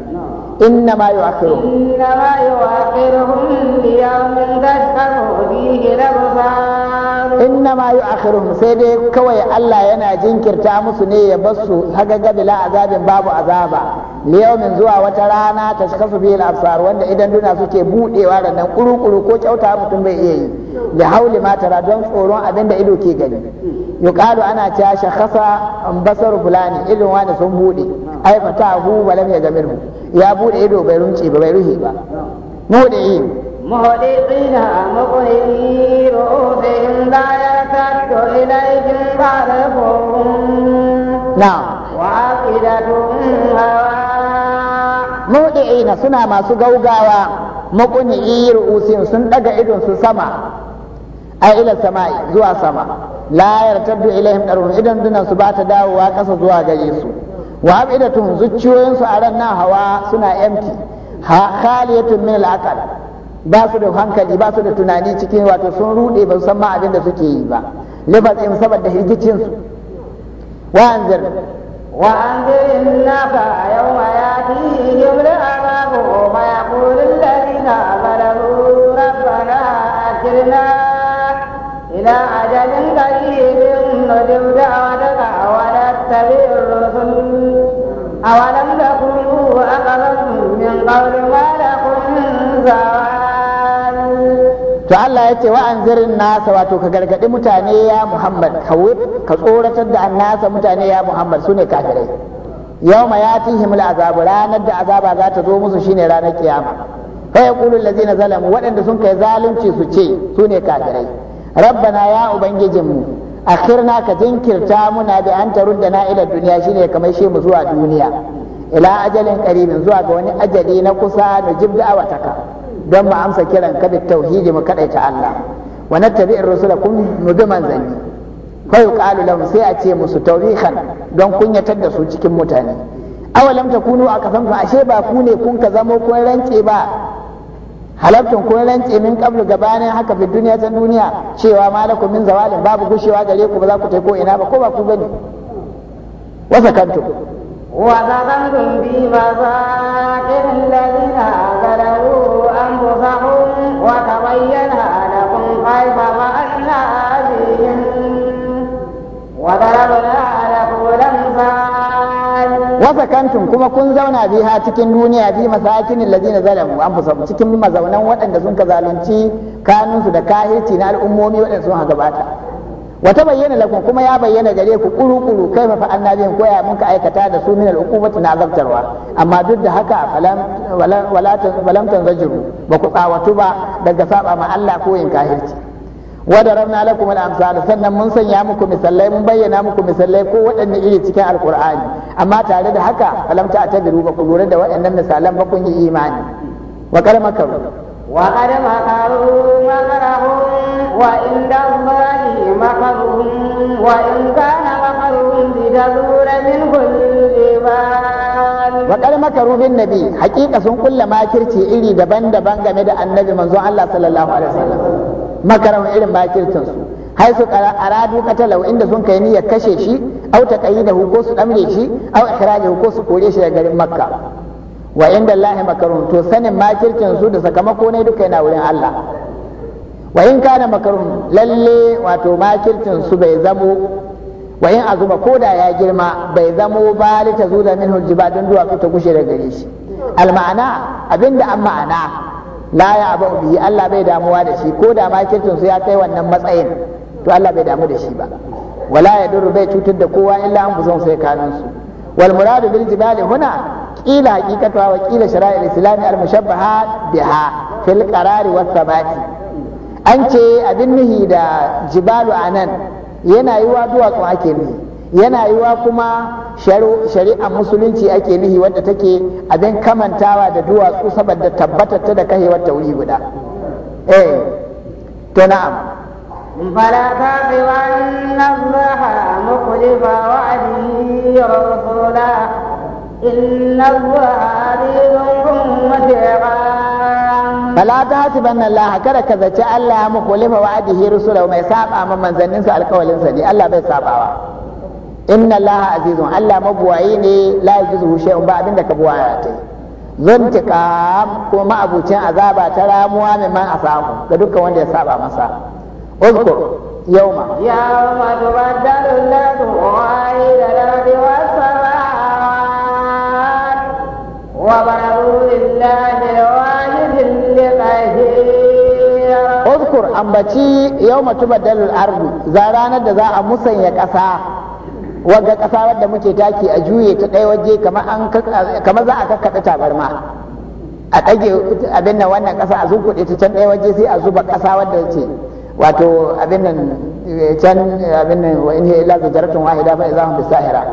inna ma yu'akhiruhum inna ma yu'akhiruhum li yawmin fihi al inna ma yu'akhiruhum sai dai kawai Allah yana jinkirta musu ne ya bar su haga gabila azabin babu azaba min zuwa wata rana ta kasu biyu absar wanda idan duna suke buɗewa da nan kuru-kuru ko kyauta mutum bai iya yi da hauli matara don tsoron abin da ido ke gani yuqalu ana cewa shakhasa basar fulani irin wani sun bude ai fatahu balam ya gamirhu ya bude ido bai runce ba bai ruhi ba mu da yi مهدقين مقرمين وفهم لا يتحدث إليهم فارفهم لا وعقدة هوا Mauɗi'i na suna masu gaugawa maƙuni iri usin sun ɗaga idon su sama a ilar zuwa sama. Layar tabbi ilayen ɗarwar idan duna su bata dawowa ƙasa zuwa gaji su. Wa haɓi da tun zuciyoyinsu a ran na hawa suna yanki. Haƙali ya tummina la'akar. ba su da hankali ba su da tunani cikin wato sun rude ba san ma abin da suke yi ba libat in saboda hirgicin su wa anzir wa anzir innaka yawma yatihim al'azabu ma yaqulu alladhina amaru rabbana akhirna ila ajalin qareebin nudib da'wataka wa tabir rusul awalam takunu aqalam min qawli ma lakum min zawal to Allah ya ce wa zirin nasa wato ka gargaɗi mutane ya Muhammad ka tsoratar da nasa mutane ya Muhammad su sune kafirai yau ci himila azabu ranar da azaba za ta zo musu shine ranar kiyama fa yaqulu na zalamu waɗanda sun kai zalunci su ce su sune kafirai rabbana ya ubangijinmu akhirna ka jinkirta muna bi an da ila duniya shine kamar shi mu zuwa duniya ila ajalin qaribin zuwa ga wani ajali na kusa da ka don mu amsa kiran ka tauhidi mu ta Allah wa ar rusula kun mu bi manzanni fa yuqalu lahum sai a ce musu tawrihan don kunyatar da su cikin mutane awalam takunu fa ashe ba ku ne kun ka zamo kun rance ba halartun kun rance min kablu gabanin haka fi duniya ta duniya cewa malakum min zawalin babu gushewa gare ku ba za ku tai ko ina ba ko ba ku gani wasa wa bi ladina kantin kuma kun zauna biha cikin duniya bi masakinin ladina zalamu anfusahum cikin mazaunan waɗanda sun ka zalunci kanunsu da kahirci na al'ummomi waɗanda sun gabata wata bayyana lakum kuma ya bayyana gare ku kuru kuru kai fa fa'alna bihim ko ya mun aikata da su min al'uqubati na azabtarwa amma duk da haka a wala wala ba ku tsawatu ba daga saba ma Allah ko yin kahirci wa darabna lakum al sannan mun sanya muku misalai mun bayyana muku misalai ko waɗanne iri cikin alqur'ani amma tare da haka falam ta tabiru ba ku lura da waɗannan misalan ba kun yi imani wa qad makaru wa qad makaru makarahum wa inda allahi makaruhum wa in kana makaruhum bidalura minhum wa qad makaru bin nabi haqiqa sun kulla makirci iri daban-daban game da annabi Allah makaran irin bakircin su hai su aradu katalau inda sun kai niyyar kashe shi au taqayyidahu ko su damre shi au ikhrajahu ko su kore shi daga garin makka wa inda Allah makarun to sanin makircin su da sakamako ne duka yana wurin Allah wa in kana makarun lalle wato makircin su bai zamo wa in azuma ko da ya girma bai zamo ba li tazuda minhu jibadun duwa ta kushe daga gare shi al ma'ana abinda an ma'ana la ya abu bihi Allah bai damuwa da shi ko da makircin su ya kai wannan matsayin to Allah bai damu da shi ba wala ya duru bai cutar da kowa illa an buzon sai kanan su wal muradu bil jibali huna qila haqiqatu wa qila shara'il islami al mushabbaha biha fil qarari wat sabati an ce abin nihi da jibalu anan yana yiwa duwatsu ake nihi yana wa kuma shari'a musulunci ake nuhi wadda take abin kamantawa da duwatsu saboda tabbata ta da kai ta wuri guda eh to na'am fala ta bi allah muqliba wa ali rasula inna allah alimun mutiqa fala ta hasiban allah kada ka zaci allah muqliba wa ali rasula mai saba ma manzanninsa sa ne allah bai sabawa inna Laha azizun allah mabuwayi ne la yajuzu shay'un ba abinda ka buwaya ta zuntiqam ko ma'abucin azaba ta ramuwa mai man asamu ga dukkan wanda ya saba masa uzkur yawma yawma tubaddalu al wa ila rabbi wasalat wa barazu lillahi al-wahid al uzkur ambaci yawma tubaddalu al-ardu za ranar da za a musanya ƙasa wagga ƙasa wadda muke taki a juye ta ɗaya waje kamar za a kakkaɗa tabarma a ɗage abin nan wannan ƙasa a zukuɗe ta can ɗaya waje sai a zuba ƙasa wadda ce wato abin nan eh, can eh, abin nan wa in hiya bi jaratun wahida fa idza hum sahira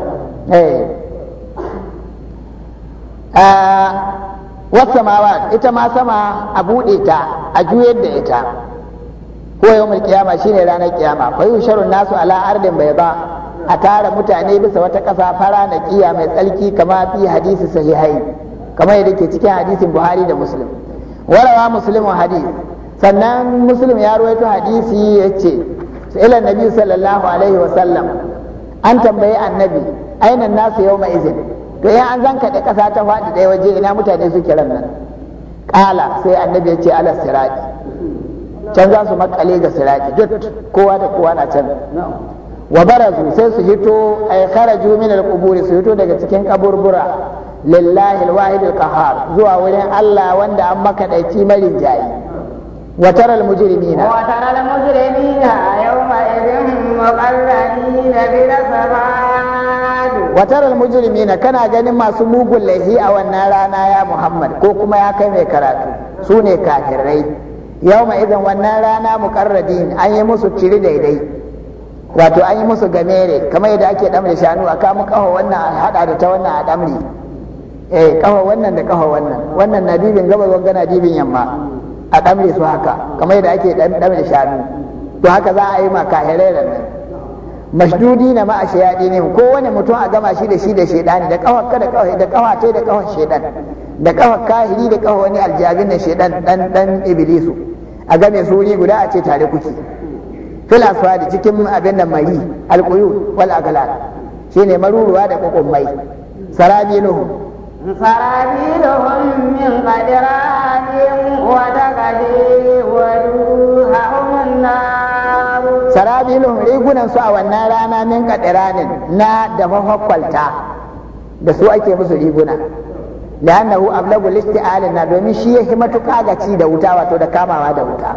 eh ah, wasu samawa ita ma sama a buɗe ta a juyar da ita ko yawmul qiyama shine ranar qiyama fa yusharu nasu ala ardin bayda a tara mutane bisa wata ƙasa fara na kiya mai tsarki kama fi hadisi sahihai kamar yadda ke cikin hadisin buhari da muslim warawa muslimun hadis sannan muslim ya ruwaito hadisi ya ce su ilan nabi sallallahu alaihi wasallam an tambayi annabi aina nasu yau mai izin to in an zanka da ƙasa ta faɗi ɗaya waje ina mutane su kiran nan ƙala sai annabi ya ce ala sirati can za su makale ga siraki duk kowa da kowa na can wa barazu sai su hito ay kharaju min al su hito daga cikin kaburbura lillahi al-wahid al-qahhar zuwa wurin Allah wanda an makadaici marin jayi wa tara al-mujrimina wa tara al-mujrimina yawma idhin muqarranina bi samad wa tara al-mujrimina kana ganin masu mugun laifi a wannan rana ya Muhammad ko kuma ya kai mai karatu su ne kafirai yawma idan wannan rana muqarradin an yi musu ciri daidai wato an yi musu gamere kamar yadda ake damar shanu a kamun kawo wannan a hada da ta wannan a damar eh kawo wannan da kawo wannan wannan na dibin gabar wanga na dibin yamma a damar su haka kamar yadda ake damar shanu to haka za a yi ma kahirerar nan mashdudi na ma a shayadi ne ko wani mutum a gama shi da shi da shedani da kawar ka da kawo da kawar tai da kawo shedan da kawo kahiri da kawo wani aljabin da shedan dan dan iblisu a game su guda a ce tare kuke fil aswadi cikin abin da mari alquyud wal aghlal shine maruruwa da kokommai sarabinuhum sarabinuhum min qadranin wa taqadi wa ruhahum nar rigunan su a wannan rana min qadranin na da mahakkwalta da su ake musu riguna da annahu ablagu listi'alin na domin shi ya matuƙa ga ci da wuta wato da kamawa da wuta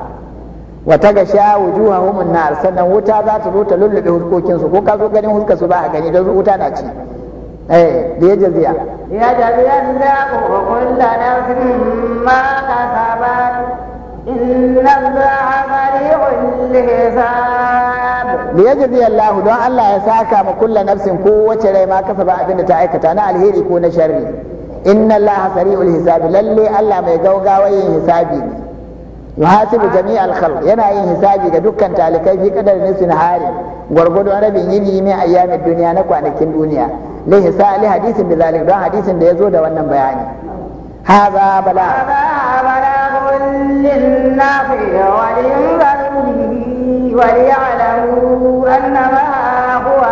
Wata ta ga sha wujuha humun nar sannan wuta za ta zo ta lullube huskokin su ko ka zo ganin huskar su ba a gani don wuta na ci eh da ya jaziya ya jaziya da ku kullu nafsin ma kasabat inna allaha sari'ul hisab da ya jaziya Allah don Allah ya saka ma kullu nafsin ko wace rai ma kasaba abin da ta aikata na alheri ko na sharri inna allaha sari'ul hisab lalle Allah mai gaugawa yin hisabi ne yuhasibu jami' al-khalq yana yin hisabi ga dukkan talikai fi qadar nisfin hari gwargwado rabin yini min ayyamin duniya na kwanakin duniya li hisali hadisin da zalik don hadisin da yazo da wannan bayani hadha bala bala للناس ولينذروا وليعلموا أنما هو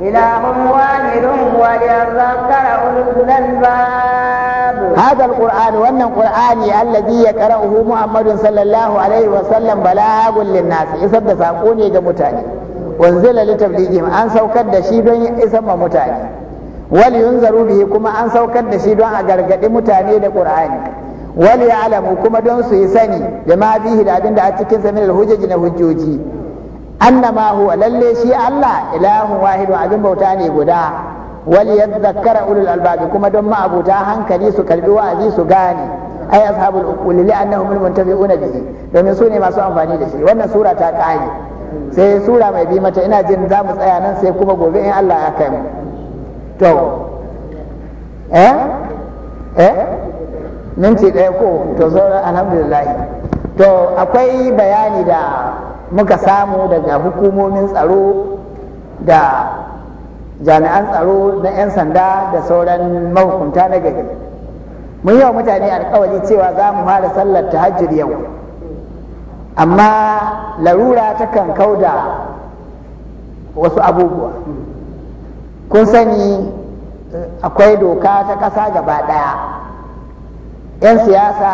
إله واحد وليذكر أولو الألباب هذا القرآن وأن القرآن الذي يقرأه محمد صلى الله عليه وسلم بلاغ للناس يسد ساقوني جمتاني wanzila litafligihim an saukar da shi don isan ma mutane wal yunzaru bihi kuma an saukar da shi don a gargadi mutane da qur'ani wal alamu kuma don suyi sani da ma bihi da abinda a cikin sa min hujjaji na hujjoji annama huwa lalle shi Allah ilahu wahidu abin bauta ne guda wali zakkara ulul albabi kuma don ma'abuta hankali su karbi wa'azi su gane ai ashabul uqul li annahum muntafi'una bihi domin su ne masu amfani da shi wannan sura ta kare sai sura mai bi mata ina jin za mu tsaya nan sai kuma gobe in Allah ya kai mu to eh eh ɗaya ko to sauran alhamdulillah to akwai bayani da muka samu daga hukumomin tsaro da jami'an tsaro na 'yan sanda da sauran mahukunta na gari mun yi wa mutane alkawari cewa za mu fara sallar tahajjud yau amma larura takan kauda wasu abubuwa kun sani eh, akwai doka ta ƙasa gaba ɗaya 'yan siyasa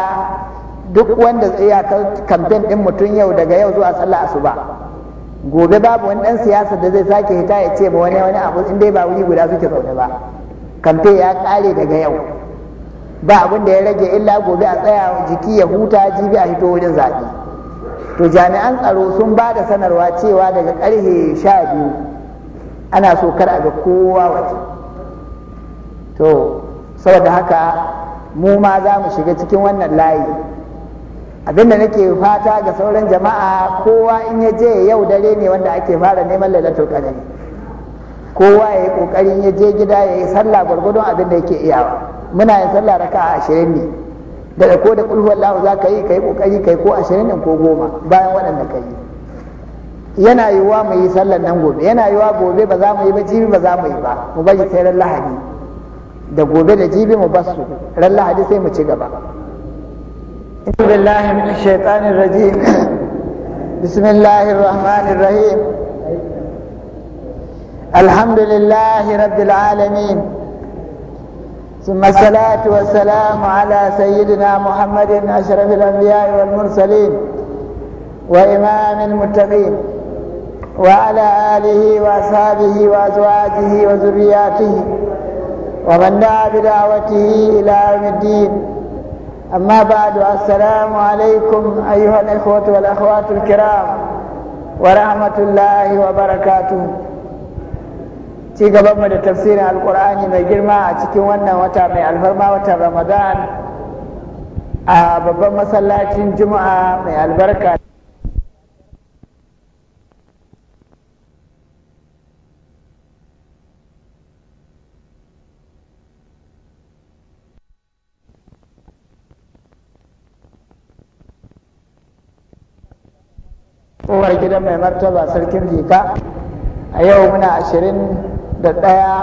duk wanda ya kamfen ɗin mutum yau daga yau zuwa sallar asuba gobe babu wani dan siyasa da zai sake hita ya ce ba wani wani abu in dai ba wuri guda suke zaune ba kamfe ya kare daga yau ba abin da ya rage illa gobe a tsaya jiki ya huta jibi a hito wurin zaɓe to jami'an tsaro sun ba da sanarwa cewa daga karhe sha biyu ana so kar a ga kowa waje to saboda haka mu ma za mu shiga cikin wannan layi abinda nake fata ga sauran jama'a kowa in ya je yau dare ne wanda ake fara neman lailatul qadari kowa ya yi kokarin ya je gida ya yi sallah gwargwadon abin da yake iyawa muna yin sallah raka a ashirin ne da ko da kulhu wallahu za ka yi ka yi kokari ka ko ashirin ko goma bayan waɗanda ka yi yana yiwuwa mu yi sallar nan gobe yana yiwuwa gobe ba za mu yi ba jibi ba za mu yi ba mu bari sai ran lahadi da gobe da jibi mu basu ran lahadi sai mu ci gaba أعوذ بالله من الشيطان الرجيم بسم الله الرحمن الرحيم الحمد لله رب العالمين ثم الصلاة والسلام على سيدنا محمد أشرف الأنبياء والمرسلين وإمام المتقين وعلى آله وأصحابه وأزواجه وذرياته ومن دعا بدعوته إلى يوم الدين أما بعد السلام عليكم أيها الإخوة والأخوات الكرام ورحمة الله وبركاته ci gabanmu da tafsirin alkur'ani mai girma a cikin wannan wata mai alfarma wata ramadan a babban masallacin juma'a mai albarka kowar gidan mai martaba sarkin jika a yau muna ashirin da ɗaya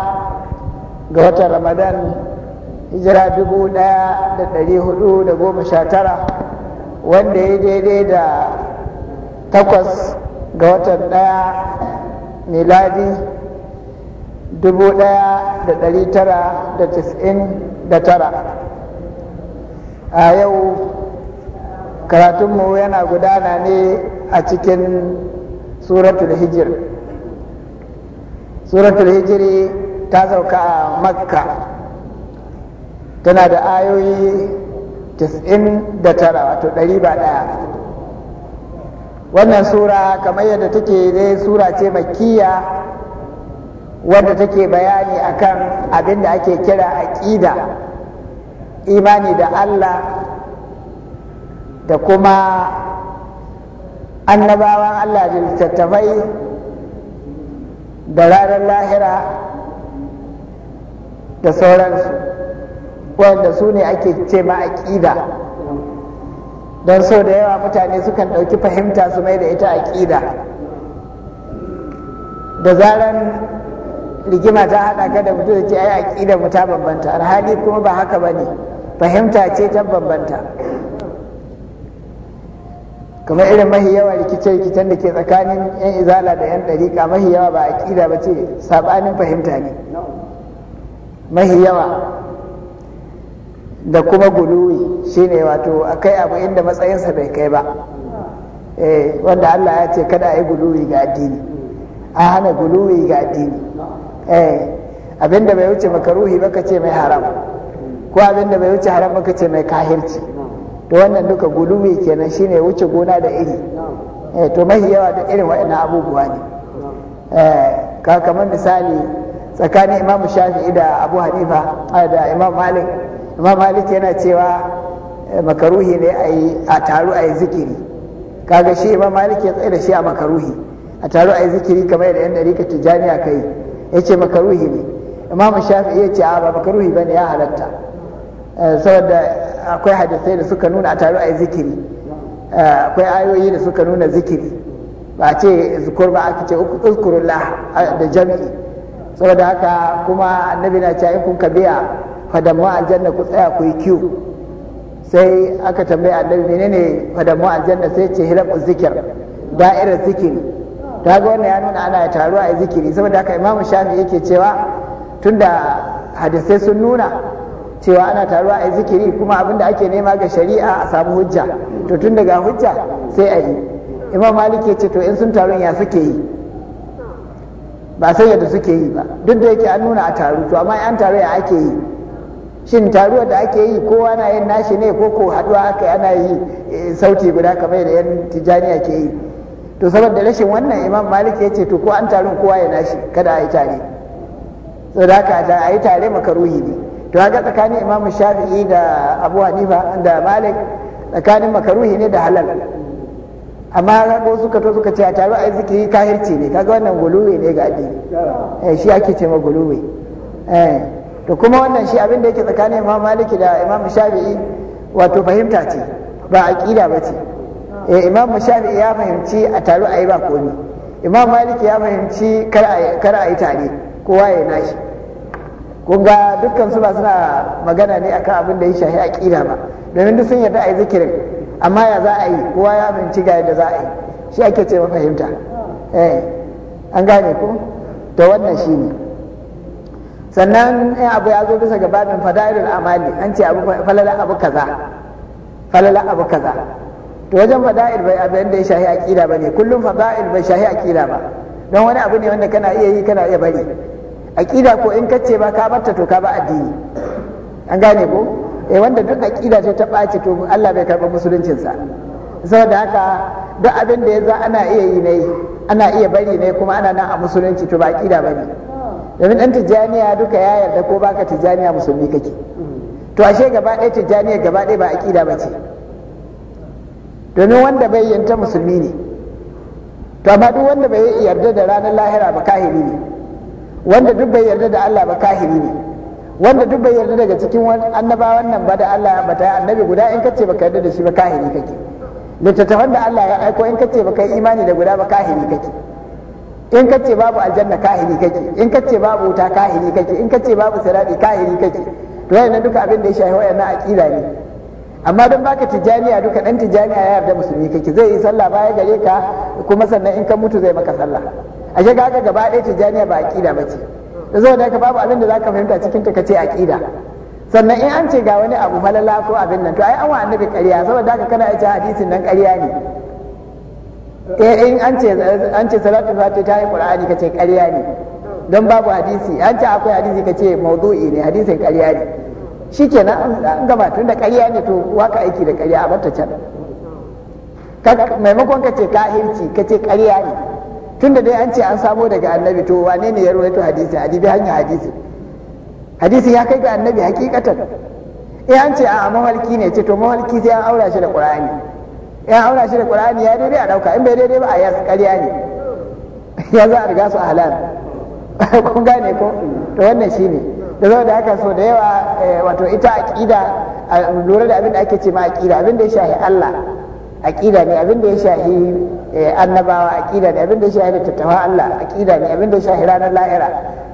ga watan ramadan hijira dubu ɗaya da ɗari hudu da goma sha tara wanda ya daidai da takwas ga watan ɗaya miladi dubu ɗaya da ɗari tara da tis'in da tara a yau karatunmu yana gudana ne a cikin suratul hijir suratul hijiri ta sauka a makka tana da ayoyi 99 wato 100 ba ɗaya wannan sura kamar yadda take dai sura ce makiya wadda take bayani akan abin da ake kira aƙida imani da allah da kuma annabawan Allah da littattafai da ranar lahira da sauransu wanda su ne ake ce ma aƙida don so da yawa mutane sukan ɗauki fahimta su mai da ita aƙida da zaran rigima ta haɗa ka da mutum da ce ai aƙida mu ta bambanta alhali kuma ba haka ba ne fahimta ce ta bambanta kamar irin mahi yawa rikice-rikicen da ke tsakanin 'yan izala da 'yan ɗariƙa mahi yawa ba aƙida ba ce saɓanin fahimta ne mahi yawa da kuma guluwi shine wato akai abu inda matsayinsa bai kai ba eh wanda Allah ya ce kada a yi guluwi ga addini a hana guluwi ga addini eh abinda bai wuce makaruhi baka ce mai haram ko abinda bai wuce haram baka ce mai kahirci to wannan duka gulumi kenan shine wuce gona da iri eh to mai yawa da irin waɗannan abubuwa ne eh ka kamar misali tsakanin Imam Shafi'i da Abu Hanifa da Imam Malik Imam Malik yana cewa eh, makaruhi ne a a taru a yi zikiri kaga shi Imam Malik ya tsaye da shi a makaruhi a taru a zikiri kamar yadda yan dariƙa tijaniya kai yace makaruhi ne Imam Shafi'i ya ce a ba makaruhi ne, ya halatta eh, saboda akwai hadisai da suka nuna a taru a zikiri akwai ayoyi da suka nuna zikiri ba ce zukur ba aka ce uskurullah da jami'i saboda haka kuma annabi na cewa in kun ka biya fadamu aljanna ku tsaya ku yi kiyu sai aka tambaye annabi menene fadamu aljanna sai ce hiraqu zikir da'irar zikiri ta ga wannan ya nuna ana taruwa a zikiri saboda haka imamu shafi yake cewa tunda hadisai sun nuna cewa ana taruwa a zikiri kuma abin da ake nema ga shari'a a samu hujja to tun daga hujja sai a yi imam malik ce to in sun taron ya suke yi ba sai yadda suke yi ba duk da yake an nuna a taru to amma an taru ya ake yi shin taruwar da ake yi kowa na yin nashi ne ko ko haduwa aka ana yi eh, sauti guda kamar yadda yan tijaniya ke yi to saboda rashin wannan imam malik ya ce to ko an taru kowa ya nashi kada a tare saboda haka a yi tare makaruhi ne to ga tsakanin imamu shafi'i da abu hanifa da malik tsakanin makaruhi ne da halal amma ko suka to suka ce a taru a zikiri kahirci ne kaga wannan guluwe ne ga addini eh shi ake ce ma guluwe eh to kuma wannan shi abin da yake tsakanin imam maliki da imam shafi'i wato fahimta ce ba aqida ba ce eh imam shafi'i ya fahimci a taru a yi ba komi imam maliki ya fahimci kar a yi tare kowa ya nashi kun ga dukkan su ba suna magana ne akan abin da ya shahi aqida ba domin duk sun yarda a yi zikirin amma ya za a yi kowa ya binci ga yadda za a yi shi ake ce fahimta eh an gane ku? to wannan shi ne sannan in abu ya zo bisa ga babin fada'ilul amali an ce abu falala abu kaza falala abu kaza to wajen fada'il bai abin da ya shahi aqida bane kullum fada'il bai shahi aqida ba don wani abu ne wanda kana iya yi kana iya bari aƙida ko in kace ba ka barta to ka ba addini an gane ko eh wanda duk aƙida ce ta ɓaci to Allah bai karɓa musuluncinsa saboda haka duk abin da ya za ana iya yi ne ana iya bari ne kuma ana nan a musulunci to ba aƙida ba ne domin ɗan tijjaniya duka ya yarda ko baka tijjaniya musulmi kake to ashe gaba ɗaya tijjaniya gaba ɗaya ba aƙida ba ce domin wanda bai yanta musulmi ne to amma duk wanda bai yarda da ranar lahira ba kahiri ne wanda duk bai yarda da Allah ba kahiri ne wanda duk bai yarda daga cikin annabawan nan ba da Allah ba ta annabi guda in kace baka yarda da shi ba kahiri kake littattafan da Allah ya aiko in kace baka imani da guda ba kahiri kake in kace babu aljanna kahiri kake in kace babu wuta kahiri kake in kace babu sirati kahiri kake to yayin duka abin da ya shafi na aqida ne amma don baka tijaniya duka dan tijaniya ya yarda musulmi kake zai yi sallah baya gare ka kuma sannan in ka mutu zai maka sallah ashe kaga gaba ɗaya tijaniya ba aqida ba zo da ka babu abin da za ka fahimta cikin ta kace aƙida sannan in an ce ga wani abu falala ko abin nan to ai an wa annabi ƙarya saboda haka kana aita hadisin nan ƙarya ne eh in an ce an ce salatu fati ta yi qur'ani kace ƙarya ne don babu hadisi an ce akwai hadisi kace mawdu'i ne hadisin ƙarya ne shikenan an gama tun da ƙarya ne to waka aiki da ƙarya a bata can maimakon kace kahirci kace ƙarya ne tunda dai an ce an samo daga annabi to wane ne ya rawaito hadisi adibi hanya hadisi hadisi ya kai ga annabi hakikatan eh an ce a mawalki ne ce to mawalki sai an aura shi da qur'ani ya aura shi da qur'ani ya daidai a dauka in bai daidai ba a yas ƙarya ne ya za a riga su halal kun gane ko to wannan shine da zo da haka so da yawa eh, wato ita aqida lura da abin da ake ce ma aqida abin da ya shahi Allah aqida ne abin da ya shahi eh, annabawa aqida ne abin da ya shahi tattawa Allah aqida ne abin da ya shahi ranar lahira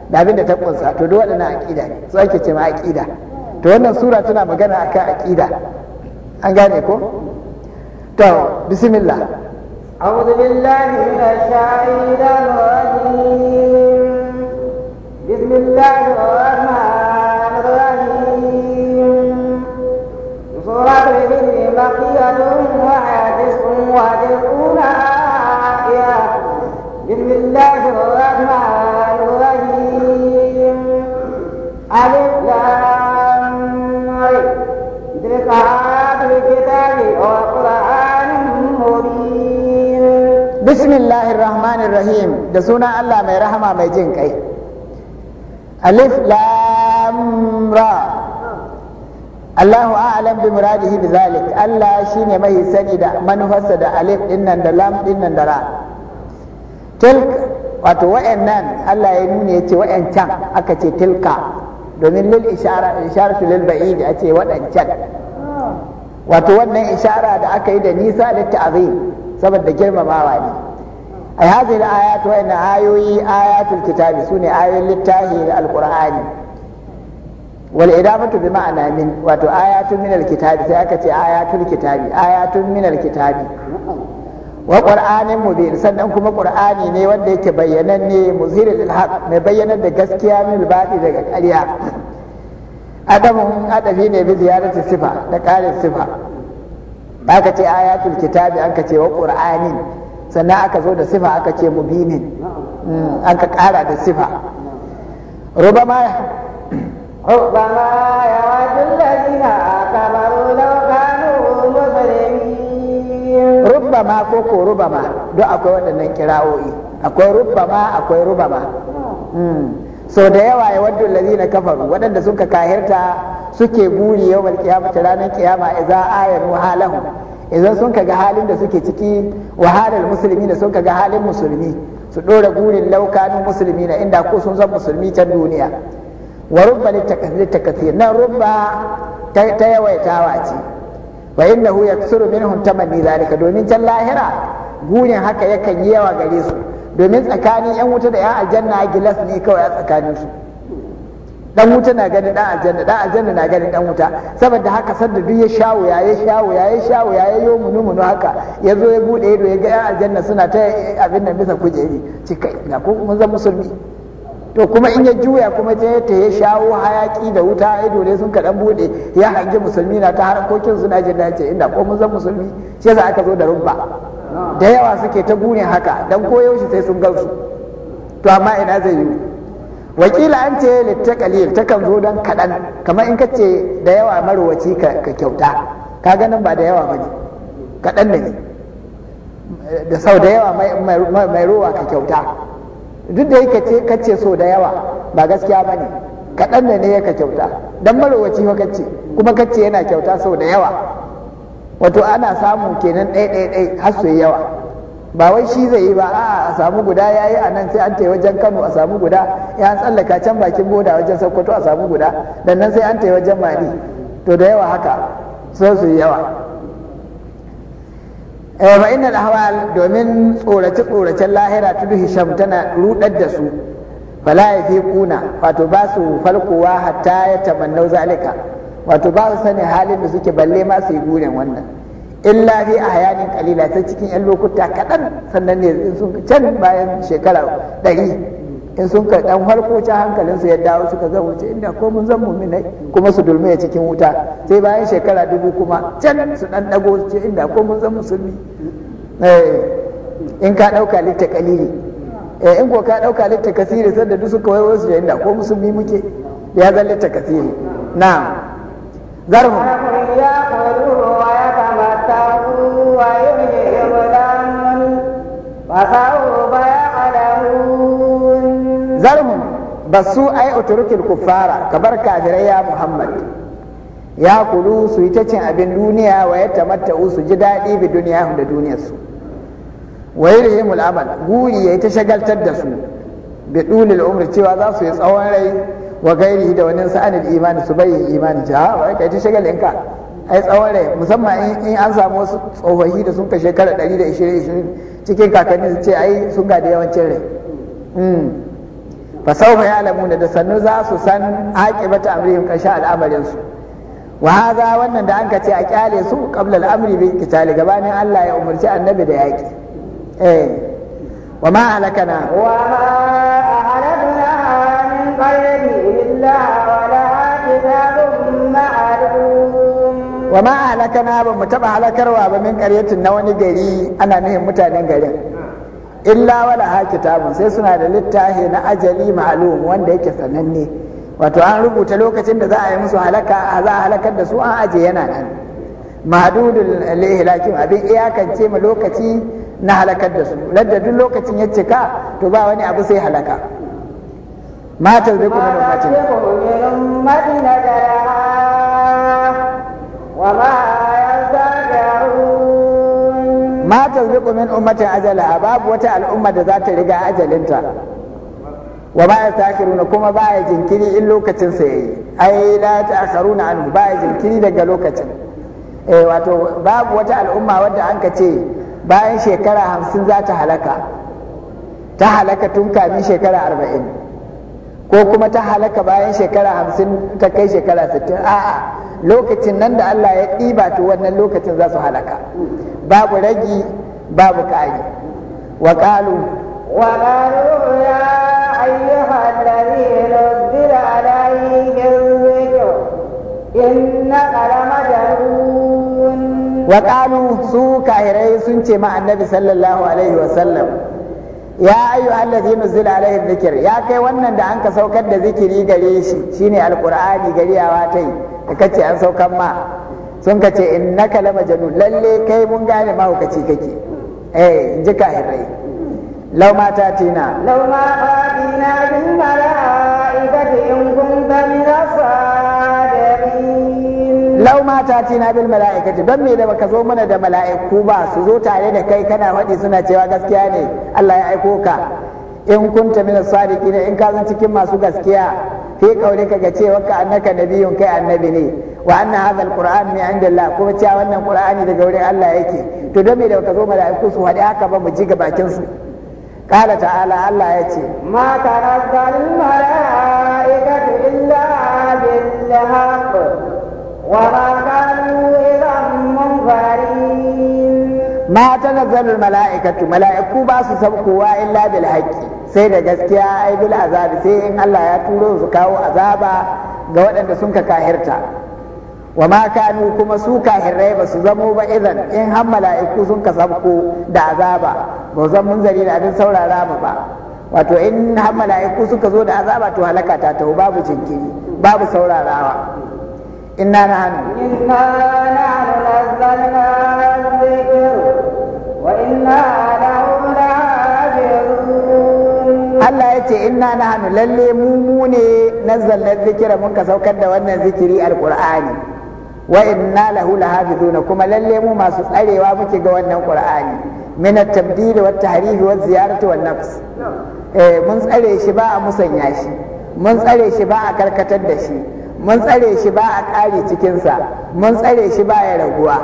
da abin da ta kunsa to duk wadannan aqida ne su ake ce ma aqida to wannan sura tana magana akan aqida an gane ko to bismillah a'udhu billahi minash الشيطان rajim bismillahir الله وتقولها يا بسم الله الرحمن الرحيم ألف لام تلك آيات الكتاب وقرآن مبين بسم الله الرحمن الرحيم دسونا الله ما رحمة ما يجنك ألف لام را Allahu a'lam bi muradihi bi zalik Allah shine mai sani da manufarsa da alif din nan da lam din nan da ra Tilka wato wa'annan Allah ya nuna yace wa'ancan aka ce tilka domin lil ishara isharatu lil ba'id a ce wadancan wato wannan ishara da aka yi da nisa da ta'zim saboda girmamawa ne ai hadhihi al-ayat wa ayoyi ayatul kitabi sune ayoyin littafi alqur'ani wal idafatu bi ma'ana min wato ayatun minal kitabi sai aka ce ayatul kitabi ayatun minal kitabi wa qur'anin mubin sannan kuma qur'ani ne wanda yake bayyananne muzhiril haq mai bayyanar da gaskiya min baɗi daga ƙarya adamun adabi ne bi ziyarati sifa da ƙarin sifa ka ce ayatul kitabi an ka ce wa qur'anin sannan aka zo da sifa aka ce mubinin hmm, an ka ƙara da sifa rubama ربما يود الذين كفروا لو كانوا مسلمين ربما كوكو ربما دو akwai waɗannan akwai rubama akwai hmm. so da yawa ya waddu allazina kafaru waɗanda suka kahirta suke buri yawmal ta ranar kiyama idza ayar wahalahu, idan sun kaga halin da suke ciki wahalar musulmi da sun kaga halin musulmi su ɗora gurin laukanin musulmi na inda ko sun zan musulmi can duniya wa rubba litakathir na rubba ta yawaitawa ce wa innahu yaksuru minhum tamanni zalika domin can lahira gurin haka yakan yi yawa gare su domin tsakanin yan wuta da yan aljanna gilas ne kawai a tsakanin su dan wuta na ganin dan aljanna dan aljanna na ganin dan wuta saboda haka sanda duk ya shawo ya ya shawo ya ya shawo ya ya yo munu munu haka ya zo ya bude ido ya ga yan aljanna suna ta abin nan bisa kujeri cikai na ko mun zan musulmi to kuma in ya juya kuma je ta ya shawo hayaki da wuta ya dole sun kaɗan buɗe ya hangi musulmi na ta harkokin suna jin dace inda ko mun zan musulmi sai za aka zo da rumba da yawa suke ta gune haka dan koyaushe sai sun gansu to amma ina zai yi wakila an ce litta kalil ta kan zo dan kaɗan kamar in ka da yawa marwaci ka kyauta ka ganin ba da yawa ba ne kaɗan ne da sau da yawa mai rowa ka kyauta duk da yake kace so da yawa ba gaskiya bane kaɗan da ne yaka kyauta dan marowaci fa kace kuma kace yana kyauta sau da yawa wato ana samu kenan ɗaya ɗaya dai har su yawa ba wai shi zai yi ba a a samu guda yayi a nan sai an tai wajen Kano a samu guda ya an tsallaka can bakin boda wajen Sokoto a samu guda dan nan sai an tai wajen Mali to da yawa haka sai su yawa eh ba ahwal domin tsorace tsoracen lahira tudu hisham tana rudar da su fala yafiquna wato ba su falkowa hatta ya tabannau zalika wato ba su sani halin da suke balle ma su yi burin wannan illa fi ahyanin qalila ta cikin yan lokuta kadan sannan ne sun can bayan shekara ɗari in sun ka dan hankalin su ya dawo suka ga wuce inda ko mun zan muminai kuma su dulmiya cikin wuta sai bayan shekara dubu kuma can su dan dago su ce inda ko mun zan musulmi eh, in ka dauka litta kalili eh, in ko ka dauka litta kasiri sanda duk suka waiwayo su inda ko musulmi muke ya zan litta kasiri na'am garhum ya qulu wa ya tamatu wa yuhyi ibdan fasau ba ya alamu ba su ai uturkil kufara kabar kafirai ya muhammad ya kulu su yi ta cin abin duniya wa ya tamatta su ji daɗi bi duniya da duniyarsu wa yi amal guri ya yi ta shagaltar da su bi ɗulil umri cewa za su yi tsawon rai wa gairi da wani sa'anin imani su bayyana imani ja wa ka yi ta shagalin ka ai tsawon rai musamman in an samu wasu tsofaffi da sun ka shekara 120 cikin kakanni su ce ai sun ga da yawancin rai hmm. fa sawfa ya'lamuna da sannu za su san aqibata amrihim kasha al'amarin su wa hadha wannan da anka ce a kyale su qabla al'amri bi qitali gabanin Allah ya umarci annabi da yaki eh wa ma halakana wa ma halakana min wa la kitabun wa ma halakana ba mu taba ba min qaryatin na wani gari ana nuhin mutanen garin illa wala ha kitabun sai suna da littafi na ajali ma'lum wanda yake sananne wato an rubuta lokacin da za a yi musu halaka za a halakar da su an aje yana nan lakin lihlakim abin iyakance ma lokaci na halakar da su ladda duk lokacin ya cika to ba wani abu sai halaka ma tazbiqu min ummatin wa ma tazriqu min ummatin ajala babu wata al'umma da za ta riga ajalinta wa ba ya takiruna kuma ba ya jinkiri in lokacin sa yayi ai la ta'kharuna an ba ya jinkiri daga lokacin eh wato babu wata al'umma wadda an ka ce bayan shekara hamsin za ta halaka ta halaka tun kamin shekara arba'in ko kuma ta halaka bayan shekara hamsin ta kai shekara sittin a'a lokacin nan da Allah ya ɗiba to wannan lokacin za su halaka babu ragi babu ƙari wa kalu wa kalu ya ayyuha allazi nuzila alayhi dhikr inna qalama jarun wa kalu su kahirai sun ce ma annabi sallallahu alaihi wa sallam ya ayyu allazi nuzila alaihi dhikr ya kai wannan da an ka saukar da zikiri gare shi shine alqur'ani gariyawa tai da kace an saukar ma sun kace innaka lamajnun lalle kai mun gane mahaukaci kake eh ji kahirai law ma ta tina law ma ta tina bil malaikati in kunta min as-sadiqin law ma ta tina bil malaikati dan me da baka zo mana da mala'iku ba su zo tare da kai kana faɗi suna cewa gaskiya ne Allah ya aiko ka in kunta min as-sadiqin in ka zan cikin masu gaskiya fi kaulika ga cewa ka annaka nabiyun kai annabi ne wa anna hadha alquran min indillah kuma cewa wannan qur'ani daga wurin Allah yake to da ka zo mala'iku su faɗi haka ba mu ji ga bakin su qala ta'ala Allah ya ce ma tarabbal mala'ikatu illa billah wa ma kanu idan munfarin ma tanazzalul mala'ikatu mala'iku ba su illa bil haqqi sai da gaskiya ai bil azabi sai in Allah ya turo su kawo azaba ga waɗanda sun ka kahirta wa ma kanu kuma su kahirai ba su zamo ba idan in har mala'iku sun ka sabko da azaba ba zan munzari da abin saurara mu ba wato in har mala'iku suka zo da azaba to halaka ta taho babu jinkiri babu saurarawa inna na hannu inna na nazzalna wa inna lahu lahafizun Allah ya ce inna na hannu lalle mu mu ne nazzalna dhikra mun ka saukar da wannan zikiri alqur'ani wa inna lahu lahafizuna kuma lalle mu masu tsarewa muke ga wannan qur'ani min at-tabdil wa at-tahrif wa ziyarati wa nafs eh mun tsare shi ba a musanya shi mun tsare shi ba a karkatar da shi mun tsare shi ba a kare cikin sa mun tsare shi ba ya raguwa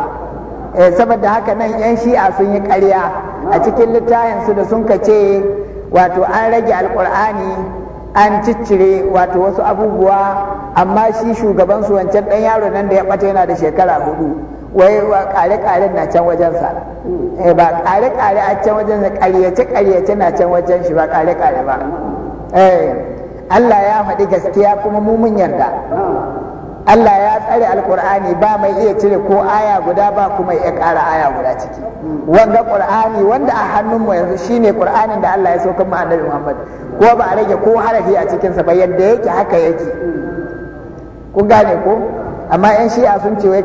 eh saboda haka nan yan shi'a sun yi ƙarya a cikin littafin su da sun kace wato an rage al-qur'ani an ciccire wato wasu abubuwa amma shi shugaban su wancan dan yaro nan da ya bata yana da shekara hudu wai wa kare kare na can wajensa eh ba kare kare a can wajensa ƙaryace ƙaryace na can wajen shi ba kare kare ba eh Allah ya faɗi gaskiya kuma mu mun yarda Allah ya tsare alkur'ani ba mai iya cire ko aya guda ba kuma ya ƙara aya guda ciki wanda qur'ani wanda a hannunmu yanzu shine qur'anin da Allah ya so mu annabi Muhammad ko ba a rage ko harafi a cikin sa ba yadda yake haka yake Ku gane ko amma yan shi'a sun ce wai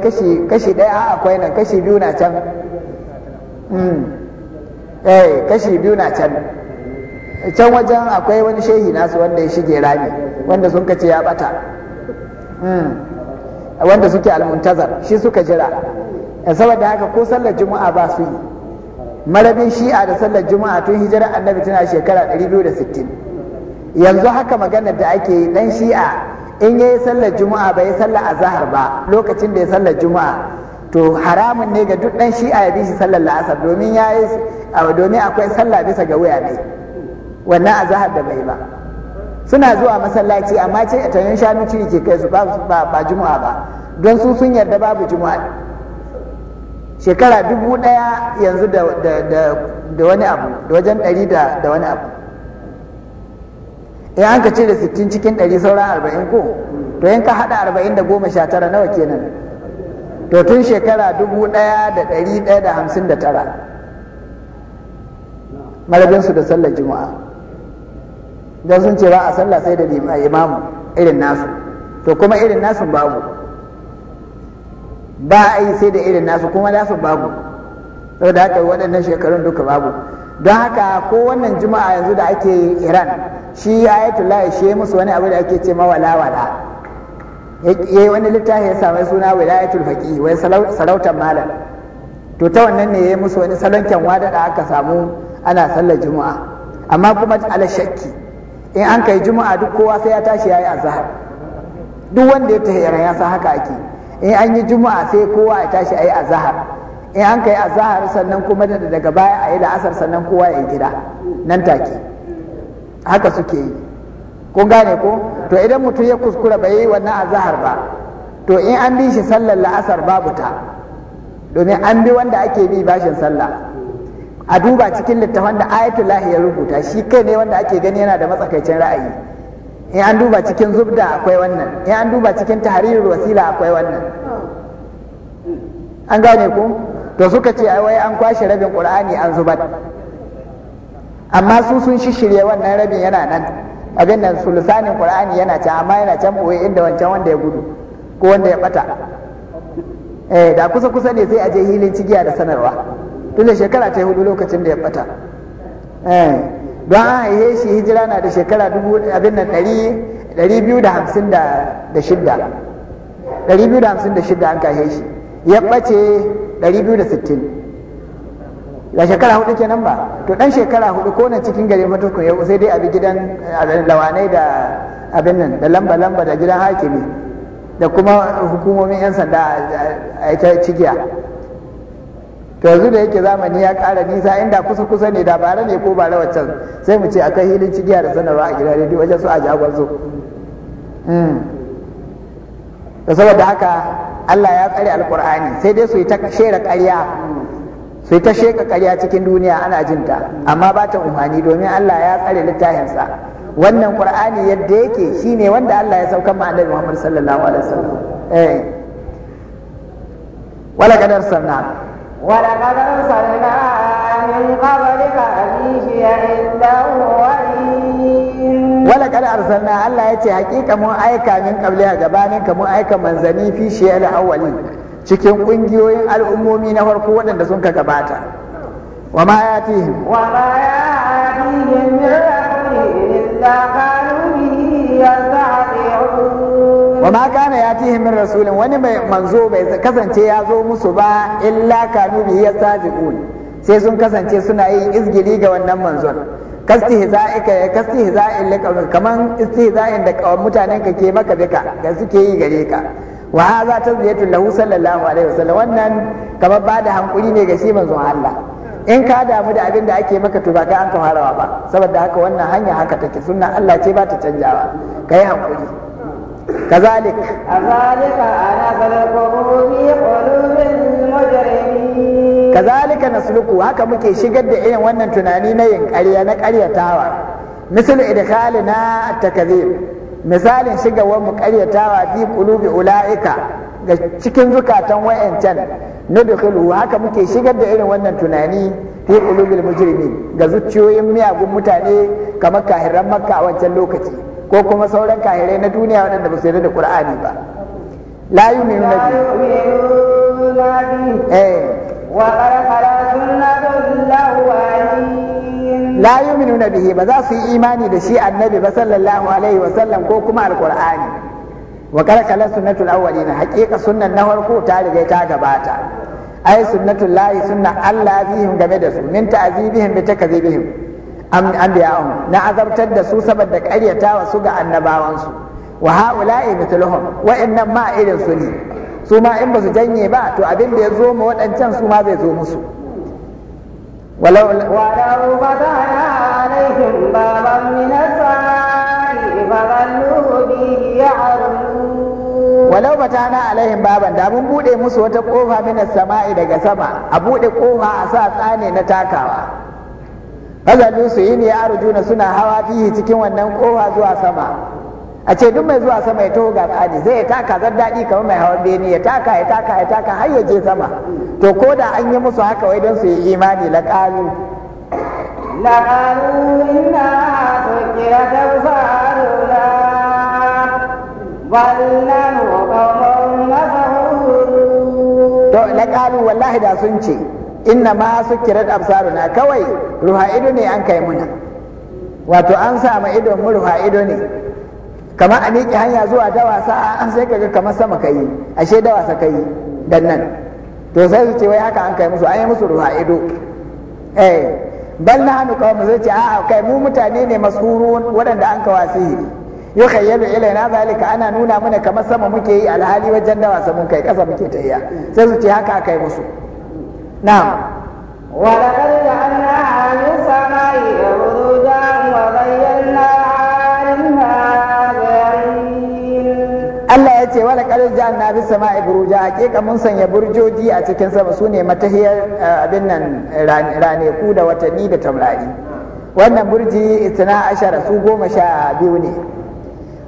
kashi ɗaya a akwai nan kashi biyu na can hmm. eh kashi biyu na can can wajen akwai wani shehi nasu wanda ya shige rami wanda sun kace ya bata hmm. wanda suke almuntazar shi suka jira eh, saboda haka ko sallar juma'a ba su yi marabin shi'a da sallar juma'a tun hijira annabi tana shekara 260 yanzu haka maganar da ake yi dan shi'a in yayi sallar juma'a bai yi sallar azahar ba lokacin da ya sallar juma'a to haramun ne ga duk dan shi'a ya bi shi sallar la'asar domin domin akwai sallar bisa ga wuya ne wannan azahar da bai ba suna zuwa masallaci amma ce tayin shanu ci ke kai su ba juma'a ba don su sun yarda babu juma'a shekara dubu ɗaya yanzu da wani abu da wajen ɗari da wani abu in an ka cire 60 cikin ɗari sauran arba'in ko to in ka haɗa arba'in da goma sha tara nawa kenan to tun shekara dubu ɗaya da ɗari ɗaya da hamsin da tara marabinsu da sallar juma'a don sun ce ba a sallah sai da imamu irin nasu to kuma irin nasu babu ba a yi sai da irin nasu kuma nasu babu saboda haka waɗannan shekarun duka babu don haka ko wannan juma'a yanzu da ake iran shi ayatollah shi ya musu wani abu da ake ce mawala wala Ya yi wani littafi ya sami suna wilayatul faqih wai sarautar malam to ta wannan ne ya musu wani salon kyanwa da aka samu ana sallar juma'a amma kuma ala shakki in an kai juma'a duk kowa sai ya tashi yayi azhar duk wanda ya tahira ya san haka ake in an yi juma'a sai kowa ya tashi ayi azhar in an kai azhar sannan kuma daga baya ayi la'asar sannan kowa ya yi gida nan take haka suke yi kun gane ko to idan mutum ya kuskura bai yi wannan azhar ba to in an bi shi sallar la'asar babu ta domin an bi wanda ake bi bashin sallah a duba cikin littafan da lahi ya rubuta shi kai ne wanda ake gani yana da matsakaicin ra'ayi in an duba cikin zubda akwai wannan in an duba cikin tahririr wasila akwai wannan an gane ku to suka ce wai an kwashe rabin qur'ani an zubar amma su sun shirye wannan rabin yana nan abin nan sulusanin qur'ani yana can amma yana can boye inda wancan wanda ya gudu ko wanda ya bata eh da kusa kusa ne sai a je hilin cigiya da sanarwa tun da shekara ta hudu lokacin da ya bata don an haihe shi hijira na da shekara dubu abin nan ɗari biyu da hamsin da shida. ɗari biyu da hamsin da shida an kahe shi ya ɓace ɗari biyu da sittin da shekara hudu kenan ba to dan shekara hudu ko na cikin gari matukun yau sai dai abi gidan lawanai da abin nan da lamba lamba da gidan hakimi da kuma hukumomin yan sanda a ita cigiya ta yanzu da yake zamani ya ƙara nisa inda kusa kusa ne da bara ne ko bara waccan sai mu ce akai hilin cigiya da sanarwa a gidan rediyo wajen su a jagon hmm. da saboda haka Allah ya tsare alkur'ani sai dai su yi ta shera ƙarya su yi ta sheka ƙarya cikin duniya ana jin ta amma ba ta umarni domin Allah ya tsare littafinsa wannan ƙur'ani yadda yake shine wanda Allah ya sauka ma annabi Muhammad sallallahu alaihi wasallam eh wala kadar sanna ولقد أرسلنا من قبلك عيشيا عنده ولقد أرسلنا الله يتي حقيقة من أيكا من قبلها gabanin ka mun aika manzanni fi shiyal cikin kungiyoyin al'ummomi na farko waɗanda sun ka gabata wa ma yatihim wa ma yatihim min illa wa ma kana yatihim min rasulin wani mai manzo bai kasance ya zo musu ba illa kanu bihi yastaziqun sai sun kasance suna yin izgiri ga wannan manzon kastihza'ika ya kastihza'in laqawmin kaman istihza'in da mutanen ka ke maka bika da suke yi gare ka wa hadha tazbiyatu lahu sallallahu alaihi wasallam wannan kamar ba da hankuri ne ga shi manzon Allah in ka damu da abin da ake maka to ba ka an farawa ba saboda haka wannan hanya haka take sunna Allah ce ba ta canjawa kai hankuri كذلك كذلك أنا سلكه في قلوب المجرمين كذلك نسلكه هكا مكي شقد إيه وانا تنانين ينقريا نقريا تاوى مثل إدخالنا التكذيب misalin shigawar mu karyatawa fi qulubi ulaika ga cikin zukatan wayancan nudkhulu haka muke shigar da irin wannan tunani fi qulubil mujrimin ga zuciyoyin miyagun mutane kamar kahiran makka a wancan lokaci ko kuma sauran kahirai na duniya waɗanda ba su yarda da qur'ani ba la nuna bi eh wa qad qala sunnatul la yu'minuna bihi ba za su yi imani da shi annabi ba sallallahu alaihi wa sallam ko kuma alqur'ani wa qad qala sunnatul awwalin haqiqa sunnan na farko ta riga ta gabata ai sunnatul sunna Allah fihim game da su min ta'zibihim bi takzibihim anbiya'ahum na azabtar da su saboda karyatawa su ga annabawansu wa ha'ula'i mithluhum wa'annan ma irin su ne su ma in ba su janye ba to abin da ya zo ma waɗancan su ma zai zo musu ولو ولو فتحنا عليهم بابا من السماء فظلوا به يعرجون ولو فتحنا عليهم baban, da mun bude musu wata kofa min sama'i daga sama a bude kofa a sa tsane na takawa fazalu su yi ne ya arjuna suna hawa fihi cikin wannan kofa zuwa sama a ce duk mai zuwa sama ya taho ga tsani zai ya taka zan daɗi kamar mai hawan bene ya taka ya taka ya taka har ya je sama to ko da an yi musu haka wai don su yi imani la ƙalu la ƙalu inna tukira tabsaruna ballan wa qawmun masahuru to la ƙalu wallahi da sun ce inna ma kirat absaruna kawai ruha ido ne an kai muna wato an sa ma idon mu ruha ido ne kamar a miƙe hanya zuwa dawasa an sai kaga kamar sama kai ashe dawasa kai dan nan to sai su ce wai haka an kai musu an yi musu ruha ido eh bal na hannu kawai zai ce a'a kai mu mutane ne masuru waɗanda an kawa sihiri yau kai yalo na zalika ana nuna mana kamar sama muke yi alhali wajen dawasa mun kai ƙasa muke tayya sai su ce haka kai musu نعم Allah ya ce wani kar jan na bi sama buruja hakika mun sanya burjoji a cikin sama su ne matahiyar abin nan raneku da watanni da tamrari wannan burji itina ashara su goma sha biyu ne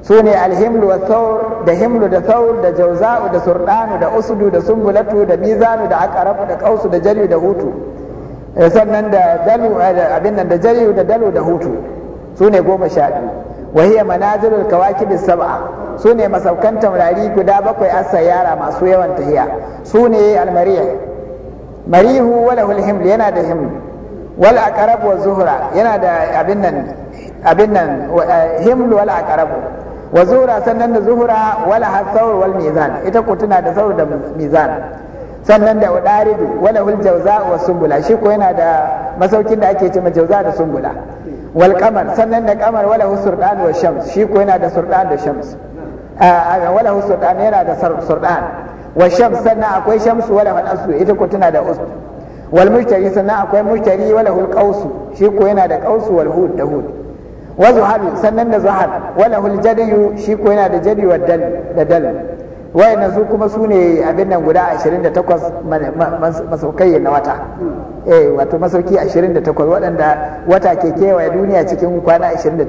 su ne alhimlu wa saur da himlu da saur da jauza'u da surdanu da usudu da sumbulatu da mizanu da akarafu da kausu da jali da hutu eh, sannan da dalu eh, abin nan da jali da dalu da hutu su ne goma sha biyu wa hiya manazilul kawakib sab'a su ne masaukan taurari guda bakwai asa yara masu yawan tahiya su ne almariyah marihu wala hulhimlu yana da himlu wal aqrab wa zuhra yana da abin nan abin nan eh, himlu wal aqrab wa zuhura sannan da zuhura wala hasaur wal mizan ita ko tana da saur da mizan sannan da udaridu wala hul jawza wa sumbula shi ko yana da masaukin da ake ma jawza da sumbula wal qamar sannan da qamar wala husurdan wa shams shi ko yana da surdan da shams a wala husurdan yana da surdan wa shams sannan akwai shamsu wala hal asu ita ko tana da usb wal mushtari sannan akwai mushtari wala hul qausu shi ko yana da qausu wal hud da hud wa zuhabi sannan da Zuhal, wala hul jadiyu shi ko yana da jadi wa dal da dal wayannan su kuma su ne abin nan guda 28 masaukai na wata eh wato masauki 28 waɗanda wata ke kewaye duniya cikin kwana 28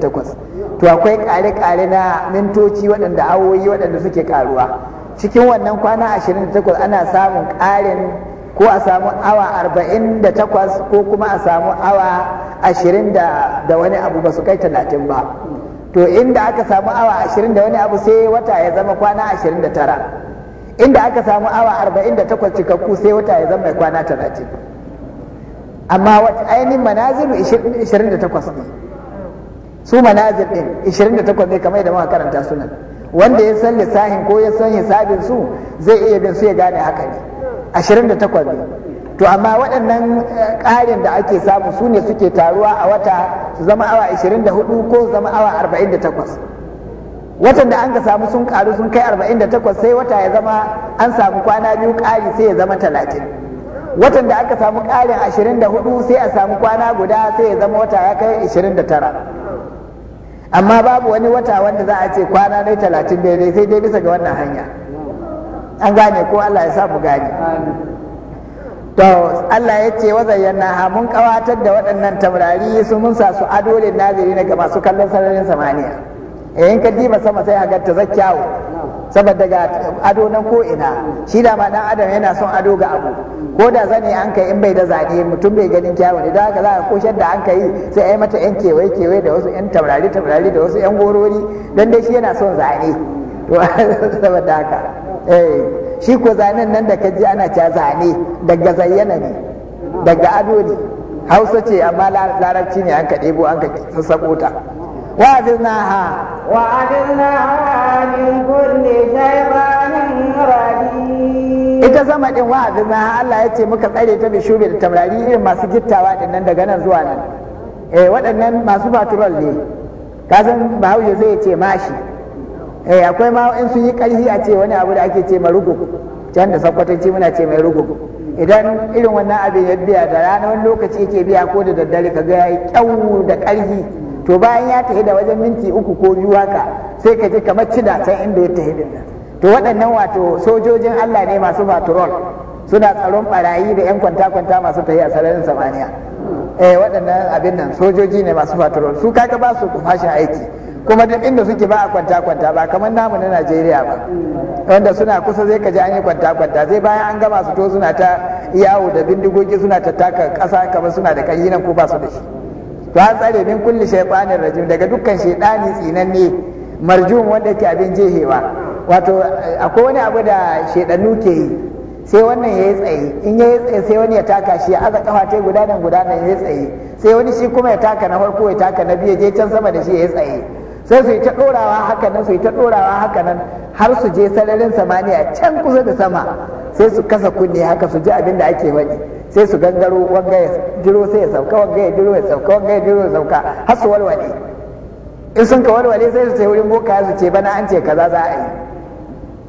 to akwai ƙare-ƙare na mintoci waɗanda awoyi waɗanda suke ƙaruwa cikin wannan kwana 28 ana samun ƙarin ko a samu awa 48 ko kuma a samu awa ashirin da wani abu ba su kai talatin ba to inda aka samu awa ashirin da wani abu sai wata ya zama kwana ashirin da tara inda aka samu awa arba'in da takwas cikakku sai wata ya zama kwana talatin amma wata ainihin manazilu ishirin da takwas ne su manazil ɗin ishirin da takwas ne kamar da muka karanta sunan wanda ya san lissahin ko ya san hisabin su zai iya bin su ya gane haka ne ashirin da takwas ne to amma waɗannan eh, ƙarin da ake samu su ne suke taruwa a wata su zama awa 24 ko su zama awa 48 watan da an ka samu sun ƙaru sun kai 48 sai wata ya zama an samu kwana biyu ƙari sai ya zama 30 watan da aka samu ƙarin 24 sai a samu kwana guda sai ya zama wata ya kai 29 amma babu wani wata wanda za a ce kwana na talatin daidai sai dai bisa ga wannan hanya an gane ko Allah ya sa mu gane to Allah ya ce wazayyana ha mun kawatar da waɗannan taurari su mun sa su ado da nazari na ga masu kallon sararin samaniya eh, in ka diba sama sai hagarta ta zakkiyawo saboda ga ado nan ko ina shi da ma dan adam yana son ado ga abu ko da zane an kai in bai da zane mutum bai ganin kyawu ne don haka za ka koshar da an kai sai ai mata yan kewaye kewaye da wasu yan taurari taurari da wasu yan gorori don dai shi yana son zane to saboda haka eh shi ko zanen nan da ka ji ana cewa zane daga zayyana ne daga ado ne hausa ce amma larabci ne an ka ɗebo an ka sassaƙo ta وأذناها وأذناها min kulli shaytanin رجيم ita sama din wa'azin na Allah ya ce muka tsare ta bishubi da tamrari irin masu gittawa din nan daga nan zuwa nan eh waɗannan masu faturol ne kasan bahaushe zai ce mashi eh akwai ma in sun yi karfi a ce wani abu da ake ce ma rugu can da sakwatanci muna ce mai rugu idan irin wannan abin ya biya da rana wani lokaci yake biya ko da daddare ka ga yayi kyau da karfi to bayan ya tafi da wajen minti uku ko biyu haka sai ka ji kamar cida can inda ya tafi din to waɗannan wato sojojin Allah ne masu patrol suna tsaron barayi da yan kwanta kwanta masu tafi a sararin samaniya eh waɗannan abin nan sojoji ne masu patrol su kaga ba su kufashin aiki kuma duk inda suke ba a kwanta kwanta ba kamar namu na Najeriya ba wanda suna kusa zai kaji an yi kwanta kwanta zai bayan an gama su to suna ta yawo da bindigogi suna ta taka ƙasa kamar suna da kai nan ko ba su da shi to an tsare min kulli shaytanir rajim daga dukkan shaytani tsinanne marjum wanda yake abin jehewa wato akwai wani abu da shaidannu ke yi sai wannan ya yi tsaye in ya yi tsaye sai wani ya taka shi aza kafa ta guda nan guda nan ya yi tsaye sai wani shi kuma ya taka na farko ya taka na biyu je can sama da shi ya yi tsaye sai su yi ta ɗorawa haka nan su yi ta ɗorawa haka nan har su je sararin samaniya can kusa da sama sai su kasa kunne haka su ji abin da ake faɗi sai su gangaro wanga ya jiro sai ya sauka wanga ya jiro ya sauka wanga ya jiro ya sauka har su walwale in sun ka walwale sai su ce wurin boka su ce bana an ce kaza za a yi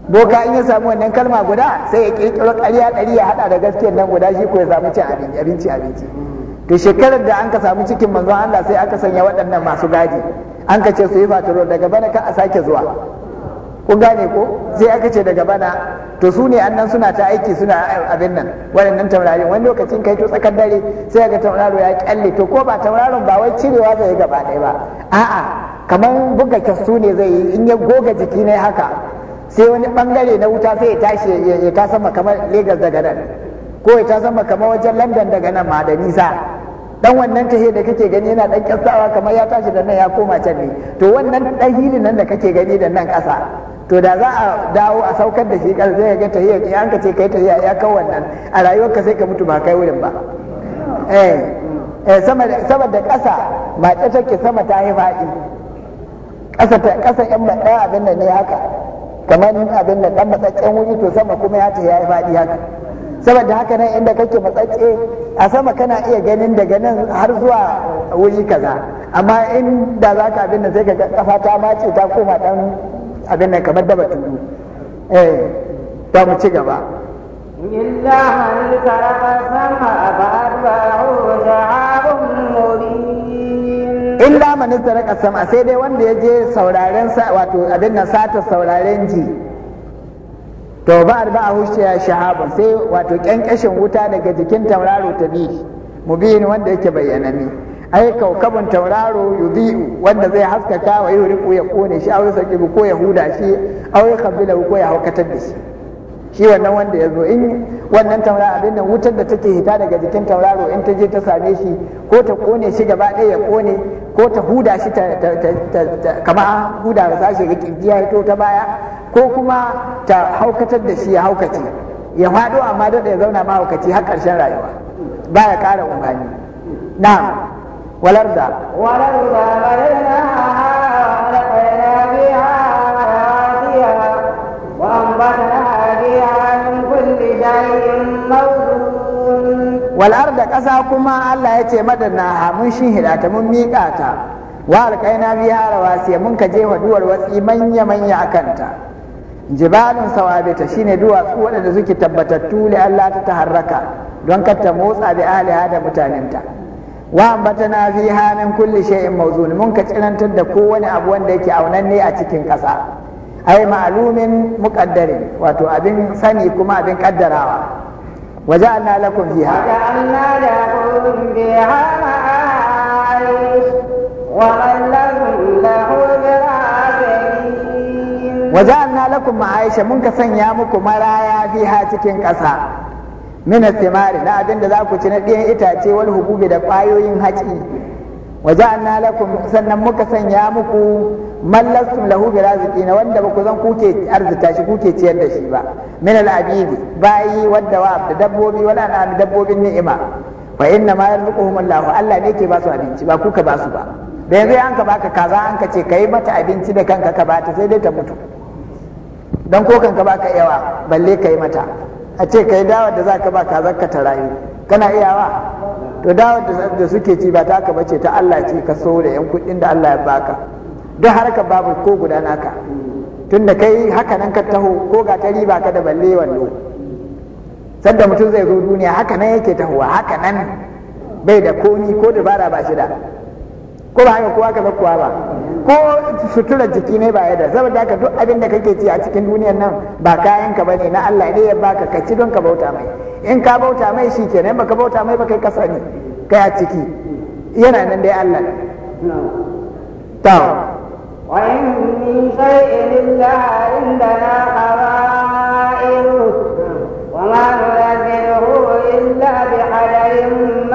boka in ya samu wannan kalma guda sai ya kirkiro ƙarya ɗari ya haɗa da gaskiyar nan guda shi ko ya samu cin abinci abinci abinci to shekarar da an ka samu cikin manzon Allah sai aka sanya waɗannan masu gadi an ka ce su yi fatiro daga bana ka a sake zuwa ku gane ko sai aka ce daga bana to su ne annan suna ta aiki suna abin nan waɗannan taurarin wani lokacin kai to tsakar dare sai ga tauraro ya kyalle to ko ba tauraron ba wai cirewa zai yi gaba ɗaya ba a'a kamar buga kyastu ne zai yi in ya goga jiki ne haka sai wani bangare na wuta sai ya tashi ya ta sama kamar Legas daga nan ko ya ta sama kamar wajen London daga nan ma da nisa dan wannan tahe da kake gani yana dan kyasawa kamar ya tashi da nan ya koma can ne to wannan dan hilin nan da kake gani da nan kasa to da za a dawo a saukar da shi kar zai ga tahiyya in an ka ce kai tahiyya ya kawo wannan a rayuwar ka sai ka mutu ba kai wurin ba eh eh sama kasa ƙasa mace take sama ta yi faɗi ƙasa ta ƙasa yan da abin nan ne haka kamar abin nan dan matsaccen wuri to sama kuma ya ce ya yi faɗi haka saboda haka nan inda kake matsatse a sama kana iya ganin daga nan har zuwa wuri kaza amma in da za ka abin da sai ka kafa ta mace ta koma dan abin nan kamar daba tudu eh ta mu ci gaba illa man karaba sama fa sha'abun mubin illa man taraka sama sai dai wanda ya je sauraren sa wato abin nan sata sauraren ji to ba ba a ya shahabun sai wato kyankashin wuta daga jikin tauraro ta bi ni wanda yake bayyanani ai kaukabun tauraro yudhi'u wanda zai haskaka wa yuriku ya kone shi aure sarki ko ya huda shi aure kabila ko ya haukatar da shi shi wannan wanda ya zo in wannan tauraro abin nan wutar da take hita daga jikin tauraro in ta je ta same shi ko ta kone shi gaba ɗaya ya kone ko ta huda shi ta kama huda da sashi ga kirjiya ya ta baya ko kuma ta haukatar da shi ya haukaci ya faɗo amma da ya zauna mahaukaci har ƙarshen rayuwa ba ya ƙara umarni na Walarda. da walar wal'ar da ƙasa kuma Allah ya ce madana mun shin hidata mun miƙa ta wa alƙaina biya sai mun ka jefa duwar watsi manya manya a kanta sawabe sawabita shine duwatsu waɗanda suke tabbatattu li Allah ta taharraka don kar ta motsa da ahliha da mutanenta wa ambatana fiha min kulli shay'in mawzun mun ka tsinantar da kowane abu wanda yake aunanne a cikin ƙasa ai ma'lumin muqaddarin wato abin sani kuma abin kaddarawa وجعلنا لكم فيها وجعلنا لكم فيها وجعلنا لكم معايشة من كسن يا مكو مرايا فيها تكين كسا من الثمار لا أبين ذاك تنقين إتاتي والهبوب دا قايوين waja'alna lakum sannan muka sanya muku mallastum lahubi bi na wanda ba ku zan kuke arzita shi kuke ciyar da shi ba min al abidi bayi wadda wa da dabbobi wala na dabbobin ni'ima fa inna ma yarzuquhum Allah Allah ne yake ba su abinci ba kuka ba su ba da yanzu an ka baka kaza an ka ce kai mata abinci da kanka ka bata sai dai ta mutu dan ko kanka baka yawa balle kai mata a ce kai dawa da zaka ba kaza ka ta rayu kana iyawa to dawar da suke ci ba ta taka ce ta Allah ce ka so da yan kuɗin da Allah ya baka duk harka babu ko guda naka tunda kai haka nan ka taho ko ga ta riba ka da balle wallo sadda mutum zai zo duniya haka nan yake tahowa haka nan bai da komi ko dabara ba shi da ko ba haka kowa ka kuwa ba ko suturar jiki ne ba yadda saboda haka duk abin da kake ci a cikin duniyar nan ba kayan ka ne na Allah ne ya baka ka ci don ka bauta mai in ka bauta mai shi kenan in baka bauta mai baka kasa ne kai a ciki yana nan dai Allah ta wa in min shay'in illa na qaba'iru wa ma nunazzilu illa bi qadarin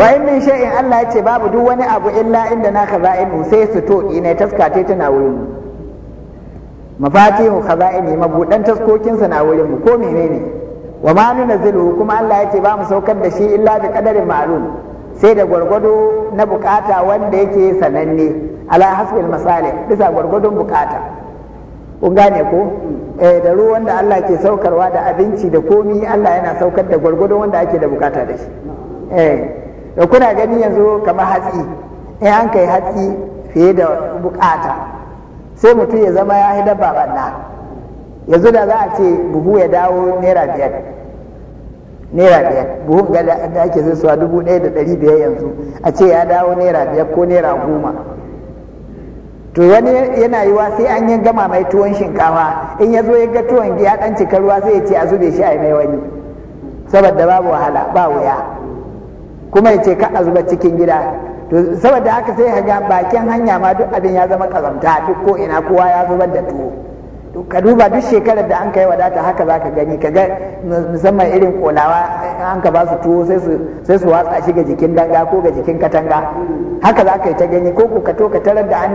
wa inni shay'in Allah ya ce babu duk wani abu illa na khaza'inu sai su toki ne taskate na wurin mafatihu khaza'ini mabudan taskokin sa na wurin ko menene wa ma nunazzilu kuma Allah ya ba mu saukar da shi illa bi qadarin ma'lum sai da gwargwado na bukata wanda yake sananne ala al-masalih bisa gwargwadon bukata kun gane ko eh da ruwan da Allah ke saukarwa da abinci da komi Allah yana saukar da gwargwadon wanda ake da bukata da shi eh da kuna gani yanzu kamar hatsi in an kai hatsi fiye da bukata sai mutum ya zama ya hidaba banna yanzu da za a ce buhu ya dawo naira biyar naira biyar buhu ga da ake zuwa dubu ɗaya da ɗari biyar yanzu a ce ya dawo naira biyar ko naira goma to wani yana yiwa sai an yi gama mai tuwon shinkafa in ya zo ya ga tuwon ya ɗan cika ruwa sai ya ce a zube shi a mai wani saboda babu wahala ba wuya kuma ya ce ka a zuba cikin gida to saboda haka sai ga bakin hanya ma duk abin ya zama kazamta duk ko ina kowa ya zubar da tuwo ka duba duk shekarar da an kai wadata haka za ka gani ka ga musamman irin kolawa an ka ba su tuwo sai su watsa shi ga jikin danga ko ga jikin katanga haka za ka yi ta gani ko ku ka ka tarar da an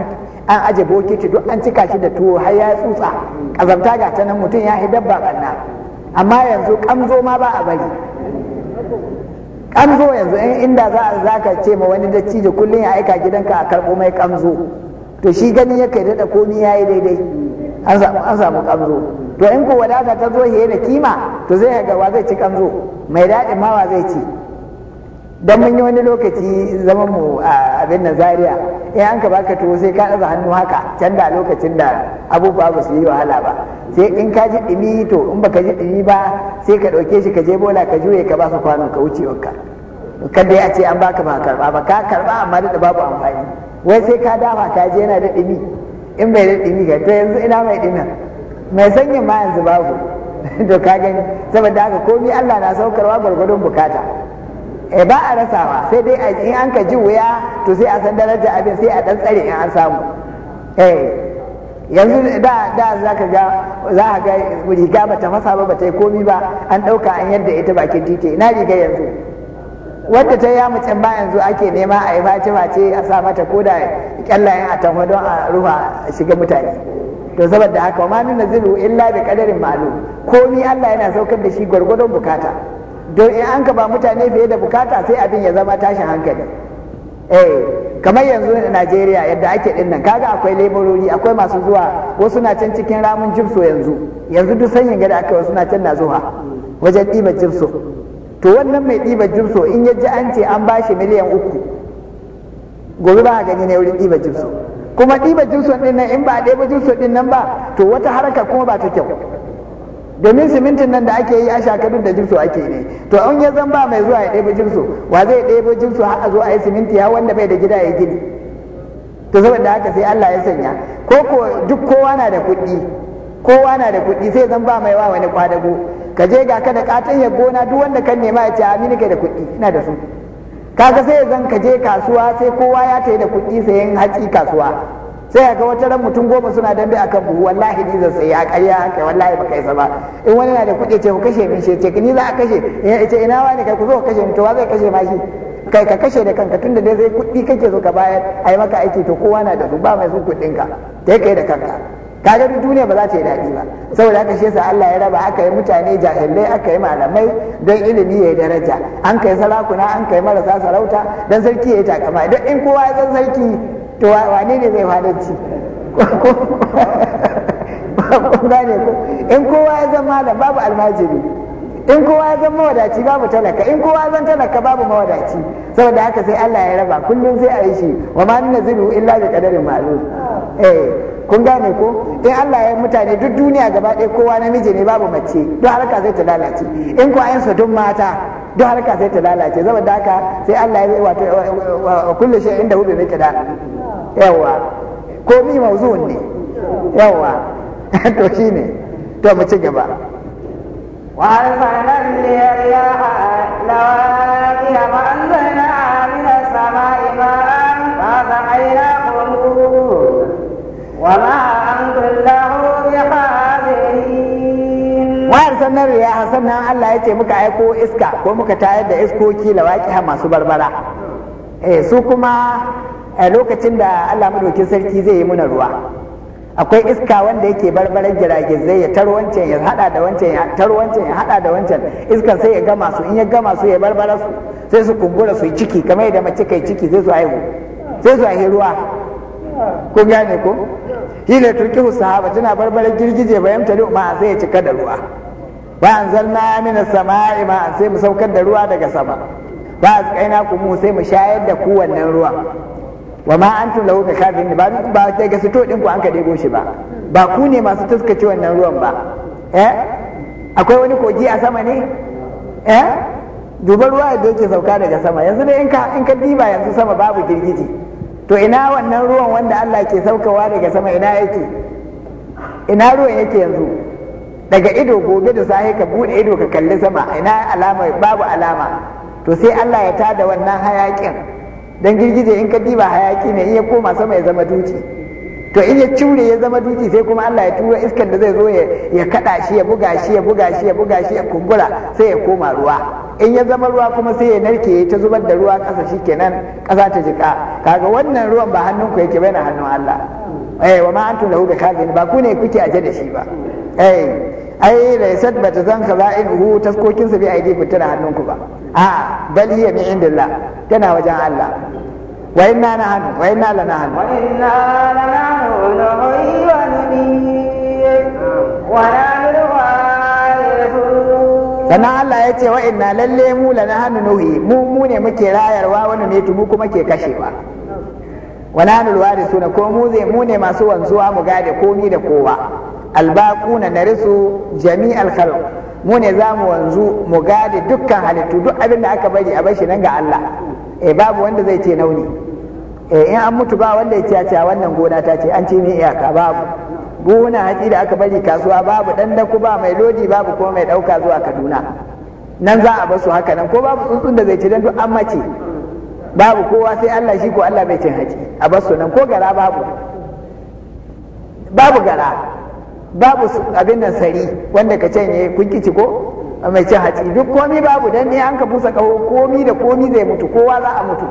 aje bokiti duk an cika shi da tuwo har ya tsutsa kazamta ga ta nan mutum ya dabba barna amma yanzu kamzo ma ba a bari kamzo yanzu inda za ka ce ma wani dattijo kullum ya aika gidanka a karɓo mai kamzo to shi gani kai daɗa komi ya yi daidai an samu kanzo. to in ko wadata ta zo da kima to zai ga wa zai ci kanzo. mai daɗin ma wa zai ci dan mun yi wani lokaci zaman mu a abin nan in an ka baka tuwo sai ka ɗaga hannu haka can da lokacin da abubuwa ba su yi wahala ba sai in ka ji ɗumi to in baka ji ɗumi ba sai ka ɗauke shi ka je bola ka juye ka ba su kwanon ka wuce wanka kada ya ce an baka ba karɓa ba ka karba amma da babu amfani wai sai ka dafa ka je yana da ɗumi in bai da ɗumi ga to yanzu ina mai ɗinan mai sanyin ma yanzu babu to ka gani saboda haka komi Allah na saukarwa gwargwadon bukata e ba a rasawa sai dai in an ka ji wuya to sai a san daraja abin sai a dan tsare in an samu eh yanzu da da za ka ga za ka ga riga bata fasa ba bata yi komi ba an ɗauka an yadda ita bakin titi ina riga yanzu wadda ta ya mutum ba yanzu ake nema a yi mace-mace a sa mata ko da kyallayen a tafa don a rufa a shiga mutane to saboda haka ma nuna zilu illa da kadarin malu komi Allah yana saukar da shi gwargwadon bukata don in an ka ba mutane fiye da bukata sai abin ya zama tashin hankali eh kamar yanzu a Najeriya yadda ake din nan kaga akwai leburori akwai masu zuwa wasu na can cikin ramin jibso yanzu yanzu duk sanyin gada akai wasu na can na zuwa wajen ɗiba jibso to wannan mai ɗiba jibso in ya ji an ce an ba shi miliyan uku gobe ba a gani ne wurin ɗiba jibso kuma ɗiba jibso ɗin nan in ba a ɗiba jibso ɗin nan ba to wata haraka kuma ba ta kyau domin simintin nan da ake yi a shakadun da jibso ake ne to an ya zan ba mai zuwa ya ɗiba jibso wa zai ɗiba jibso har a zo a yi siminti ya wanda bai da gida ya gini to saboda haka sai Allah ya sanya ko duk kowa na da kuɗi kowa na da kuɗi sai zan ba mai wa wani kwadago ka je ga ka da katon ya gona duk wanda kan nema ya ce amini kai da kuɗi ina da su kaga sai zan ka je kasuwa sai kowa ya tayi da kuɗi sayan haƙi kasuwa sai ga wata ran mutum goma suna dambe kan buhu wallahi ni zan sayi a ƙarya kai wallahi baka isa ba in wani na da kuɗi ce ku kashe min ce, ce ni za a kashe ya ce ina wani kai ku zo ku kashe min to wa zai kashe ma shi kai ka kashe da kanka tunda dai sai kuɗi kake so ka bayar ai maka aiki to kowa na da su ba mai su kuɗinka kai kai da kanka kaga duk duniya ba za ta yi daɗi ba saboda haka shi yasa Allah ya raba aka yi mutane jahilai aka yi malamai don ilimi ya yi daraja an kai sarakuna an kai marasa sarauta don sarki ya yi takama don in kowa ya san sarki to wane ne zai fadanci ko in kowa ya zama malam babu almajiri in kowa ya zama mawadaci babu talaka in kowa ya zama talaka babu mawadaci saboda haka sai Allah ya raba kullum sai a yi shi wa ma zinu illa bi qadarin ma'lum eh kun gane ko in Allah ya mutane duk duniya gaba ɗaya kowa namiji ne babu mace duk harka zai ta lalace in ko ayansa duk mata duk harka zai ta lalace saboda haka sai Allah ya wato kullu shi inda hu bi miqdar yawa ko mi mawzu'un ne yawa to shine to mu ci gaba wa arsalna liyaha lawaqiya ma'anza ya hasan nan Allah ya ce muka aiko iska ko muka tayar da iskoki waƙiha masu barbara eh su kuma a eh, lokacin da Allah madaukin sarki zai yi muna ruwa akwai iska wanda yake barbaran zai ya taro wancan ya hada da wancan ya taro wancan ya hada da wancan iskan sai ya gama su in ya gama su ya barbara su sai su kumbura su ciki kamar yadda mace kai ciki sai su haihu sai zo haihu ruwa kun gane ko shi ne turkihu sahaba tana barbaran girgije bayan ta ma sai ya cika da ruwa wa anzalna minas samai ma sai mu saukar da ruwa daga sama ba azqaina kumu sai mu shayar da ku wannan ruwa wa ma antum lahu kafin ba ba sai ga sito din ku an ka dego shi ba ba ku ne masu taskace wannan ruwan ba eh akwai wani kogi a sama ne eh duba ruwa da yake sauka daga sama yanzu ne in ka in ka diba yanzu sama babu girgiji to ina wannan ruwan wanda Allah ke saukawa daga sama ina yake ina ruwan yake yanzu daga ido gobe da sahi ka bude ido ka kalli sama ina alama babu alama to sai Allah ya tada wannan hayakin dan girgije in ka diba hayaki ne iya koma sama ya zama duci to in ya cure ya zama duci sai kuma Allah ya tura iskan da zai zo ya kada shi ya buga shi ya buga shi ya buga shi ya kumbura sai ya koma ruwa in ya zama ruwa kuma sai ya narke ya ta zubar da ruwa ƙasa shikenan kasa ta jika kaga wannan ruwan ba hannunku yake bane hannun Allah eh wa ma antu lahu bikazin ba ku ne kuke aje da shi ba eh ai laysat bata san hu taskokin sa bi aidi kun tana hannunku ba a bal hiya min indillah tana wajen Allah wa inna na nahnu wa inna lanahnu wa inna na nuhyi wa numiit wa la sannan Allah ya ce wa inna lalle mu la lanahnu nuhi mu mu ne muke rayarwa wani ne mu kuma ke kashewa wa lanul warisuna ko mu zai mu ne masu wanzuwa mu gade komi da kowa albaquna narisu jami'al khalq mu ne za mu wanzu mu gade dukkan halittu duk abin da aka bari a bashi nan ga Allah eh babu wanda zai ce nauni eh in an mutu ba wanda ya ce wannan gona ta ce an ce mai iyaka babu buhuna haƙi da aka bari kasuwa babu dan daku ba mai lodi babu ko mai dauka zuwa Kaduna nan za a basu haka nan ko babu tsuntsun da zai ci dan duk an mace babu kowa sai Allah shi ko Allah bai cin haƙi a basu nan ko gara babu babu gara babu abin nan sari wanda ka canye kun kici ko mai cin hatsi duk komi babu dan ne an ka busa kawo komi da komi zai mutu kowa za a mutu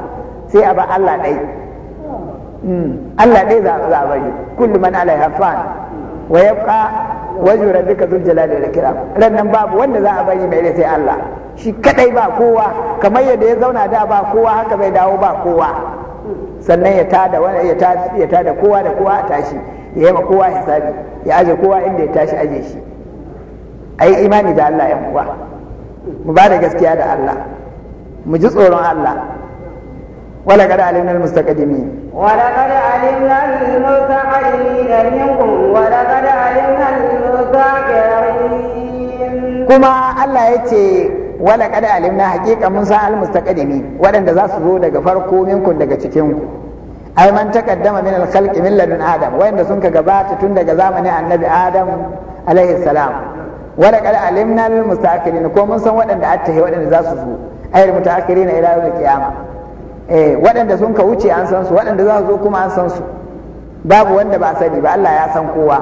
sai a ba Allah dai mm. Allah dai za a bari kullu man ala fan wa yabqa wajhu rabbika dhul jalali wal ikram ran nan babu wanda za a bari mai sai Allah shi kadai ba kowa kamar yadda ya zauna da ba kowa haka bai dawo ba kowa sannan ya tada ya tada kowa da kowa a tashi ya yi ma kowa hisabi ya aje kowa inda ya tashi aje shi a yi imani da Allah yan uwa mu ba da gaskiya da Allah mu ji tsoron Allah wala kada alimna almustaqdimin wala kada alimna almustaqdimin minkum wala kada alimna almustaqdimin kuma Allah ya ce wala kada alimna haqiqa mun san almustaqdimin waɗanda za su zo daga farko minkum daga cikin ku ai man taqaddama min al-khalq min ladun adam wayanda sun ka gabata tun daga zamanin annabi adam alaihi salam wala qad alimna lil mustaqilin ko mun san waɗanda atta waɗanda za su zo ai mutaakhirin ila yawm qiyama eh waɗanda sun ka wuce an san su waɗanda za su zo kuma an san su babu wanda ba sani ba Allah ya san kowa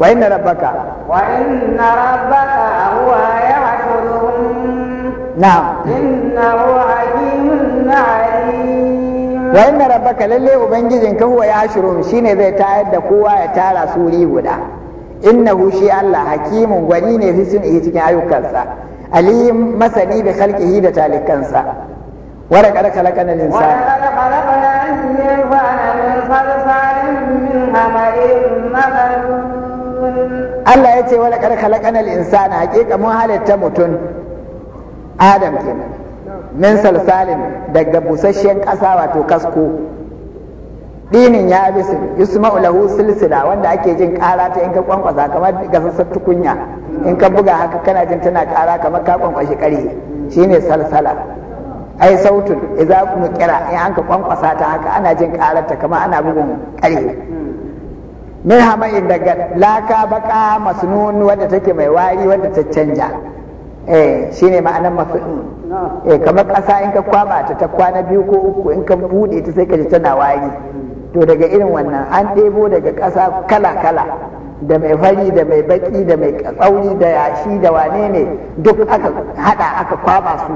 wa inna rabbaka wa inna rabbaka huwa yahsurum na'am innahu alimun alim wa inna rabbaka lalle ubangijin ka huwa yashurun shine zai tayar da kowa ya tara su wuri guda innahu shi Allah hakimun gwani ne fi sun yi cikin ayyukansa alim masani bi khalqihi da talikansa wa laqad khalaqana al-insana wa laqad khalaqna al-insana min salsalin min hamarin Allah yace wa laqad khalaqana al-insana hakika mun halitta mutun Adam kenan min salsalin daga busasshen ƙasa wato kasko dinin ya bisu yusma'u lahu silsila wanda ake jin ƙara ta in ka kwankwasa kamar gasassar tukunya in ka buga haka kana jin tana ƙara kamar ka kwankwashi Shi shine salsala ai sautun idza kira in an ka kwankwasa ta haka ana jin ƙararta kamar ana bugun ƙare min hamain daga laka baka masnun wadda take mai wari wadda ta canja eh ne ma'anar mafi'in eh kamar ƙasa in ka kwaba ta ta kwana biyu ko uku in ka bude ta sai ka ji tana wari to daga irin wannan an ɗebo daga ƙasa kala kala da mai fari da mai baki da mai tsauri da yashi da wane ne duk aka hada aka kwaba su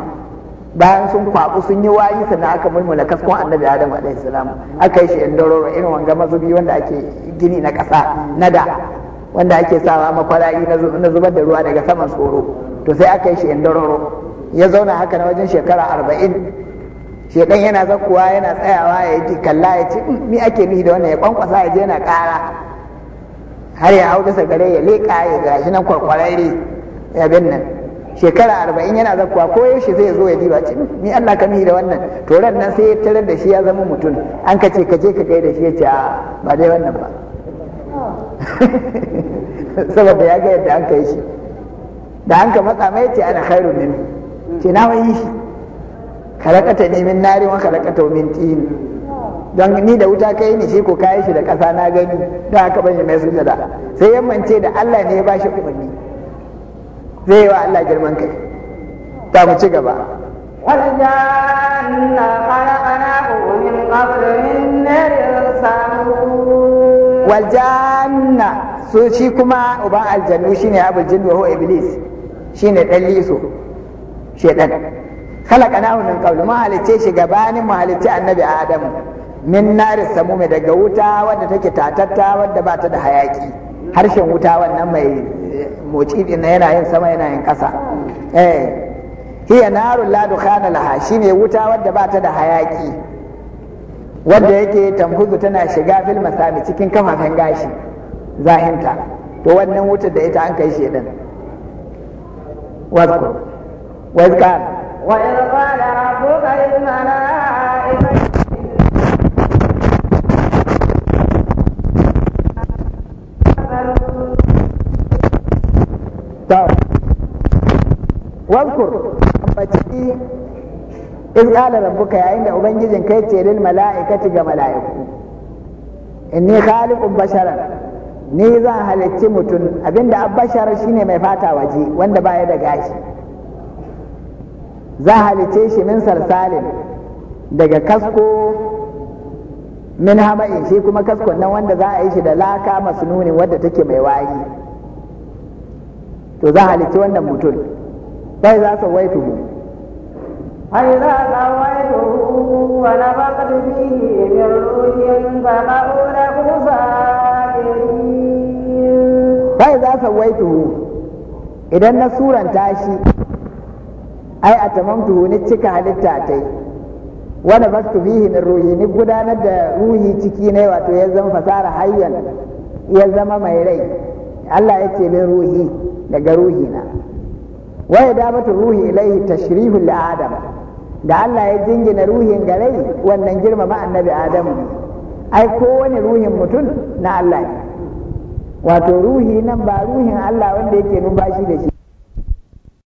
bayan sun kwabu sun yi wayi sannan aka mulmula kaskon annabi adam alaihi salam aka yi shi indororo irin wanga mazubi wanda ake gini na ƙasa na da wanda ake sawa makwara'i na zubar da ruwa daga saman tsoro to sai aka yi shi indororo ya zauna haka na wajen shekara arba'in shekan yana zakkuwa yana tsayawa ya yi kalla ya ce mi hmm, ake nihi da wannan ya kwankwasa ya je na ƙara har ya hau bisa gare ya leƙa ya gashi nan kwarkwararre ya bin nan shekara arba'in yana zakkuwa ko yaushe zai zo ya diba ce hmm, mi Allah ka nihi da wannan to ran nan sai ya tarar da shi ya zama mutum an ka ce ka je ka kai da shi ya ce ba dai wannan ba saboda ya ga yadda an kai shi da an ka matsa mai ce ana khairu min ce na yi shi kalakata ne min nari wa kalakata min tin don ni da wuta kai ni shi ko kayi shi da ƙasa na gani don haka ban shi mai sujada sai yammance da Allah ne ya bashi umarni zai yi wa Allah girman kai ta mu ci gaba والجن خلقناه من قبل من نار الصمود والجنة so shi kuma uban aljannu shine abul jinn wa huwa iblis shine dan liso shedan khalaqanahu min qabl ma halice shi gabanin mu halice annabi adamu min nari samumi daga wuta wadda take tatatta wadda ba ta da hayaki harshen wuta wannan mai moci din yana yin sama yana yin kasa eh hiya narul la dukhana laha shine wuta wadda ba ta da hayaki wadda yake tamhuzu tana shiga fil masami cikin kafafen gashi zahinta to wannan wutar da ita an kai shi shedan واذكر وإذ قال وإذ قال ربك للملائكة wankur ambaci in kala rabbuka yayin da ubangijin kai ce lil mala'ikati ga mala'iku inni khaliqu basharan ni a halicci mutum abinda abbashar shine mai fata waje wanda baya da gashi za a halicce shi min sarsalin daga kasko min hama'in shi kuma kaskon nan wanda za a yi shi da laka nuni wadda take mai waye to za a halicci wannan mutum bai za su waitu فإذا سويته فيه من فقعوا له fa wai tuhu idan na suranta shi ai a tuhu ni cika halitta tai wani bastu bihi min ruhi ni gudanar da ruhi ciki ne wato ya zama fasara hayyan ya zama mai rai Allah ya ce min ruhi daga ruhi na da idabatu ruhi ilaihi tashrifu li adam da Allah ya jingina ruhin gare wannan wannan girmama annabi Adamu ai ko wani ruhin mutum na Allah ne wato ruhi nan ba ruhin Allah wanda yake numfashi da shi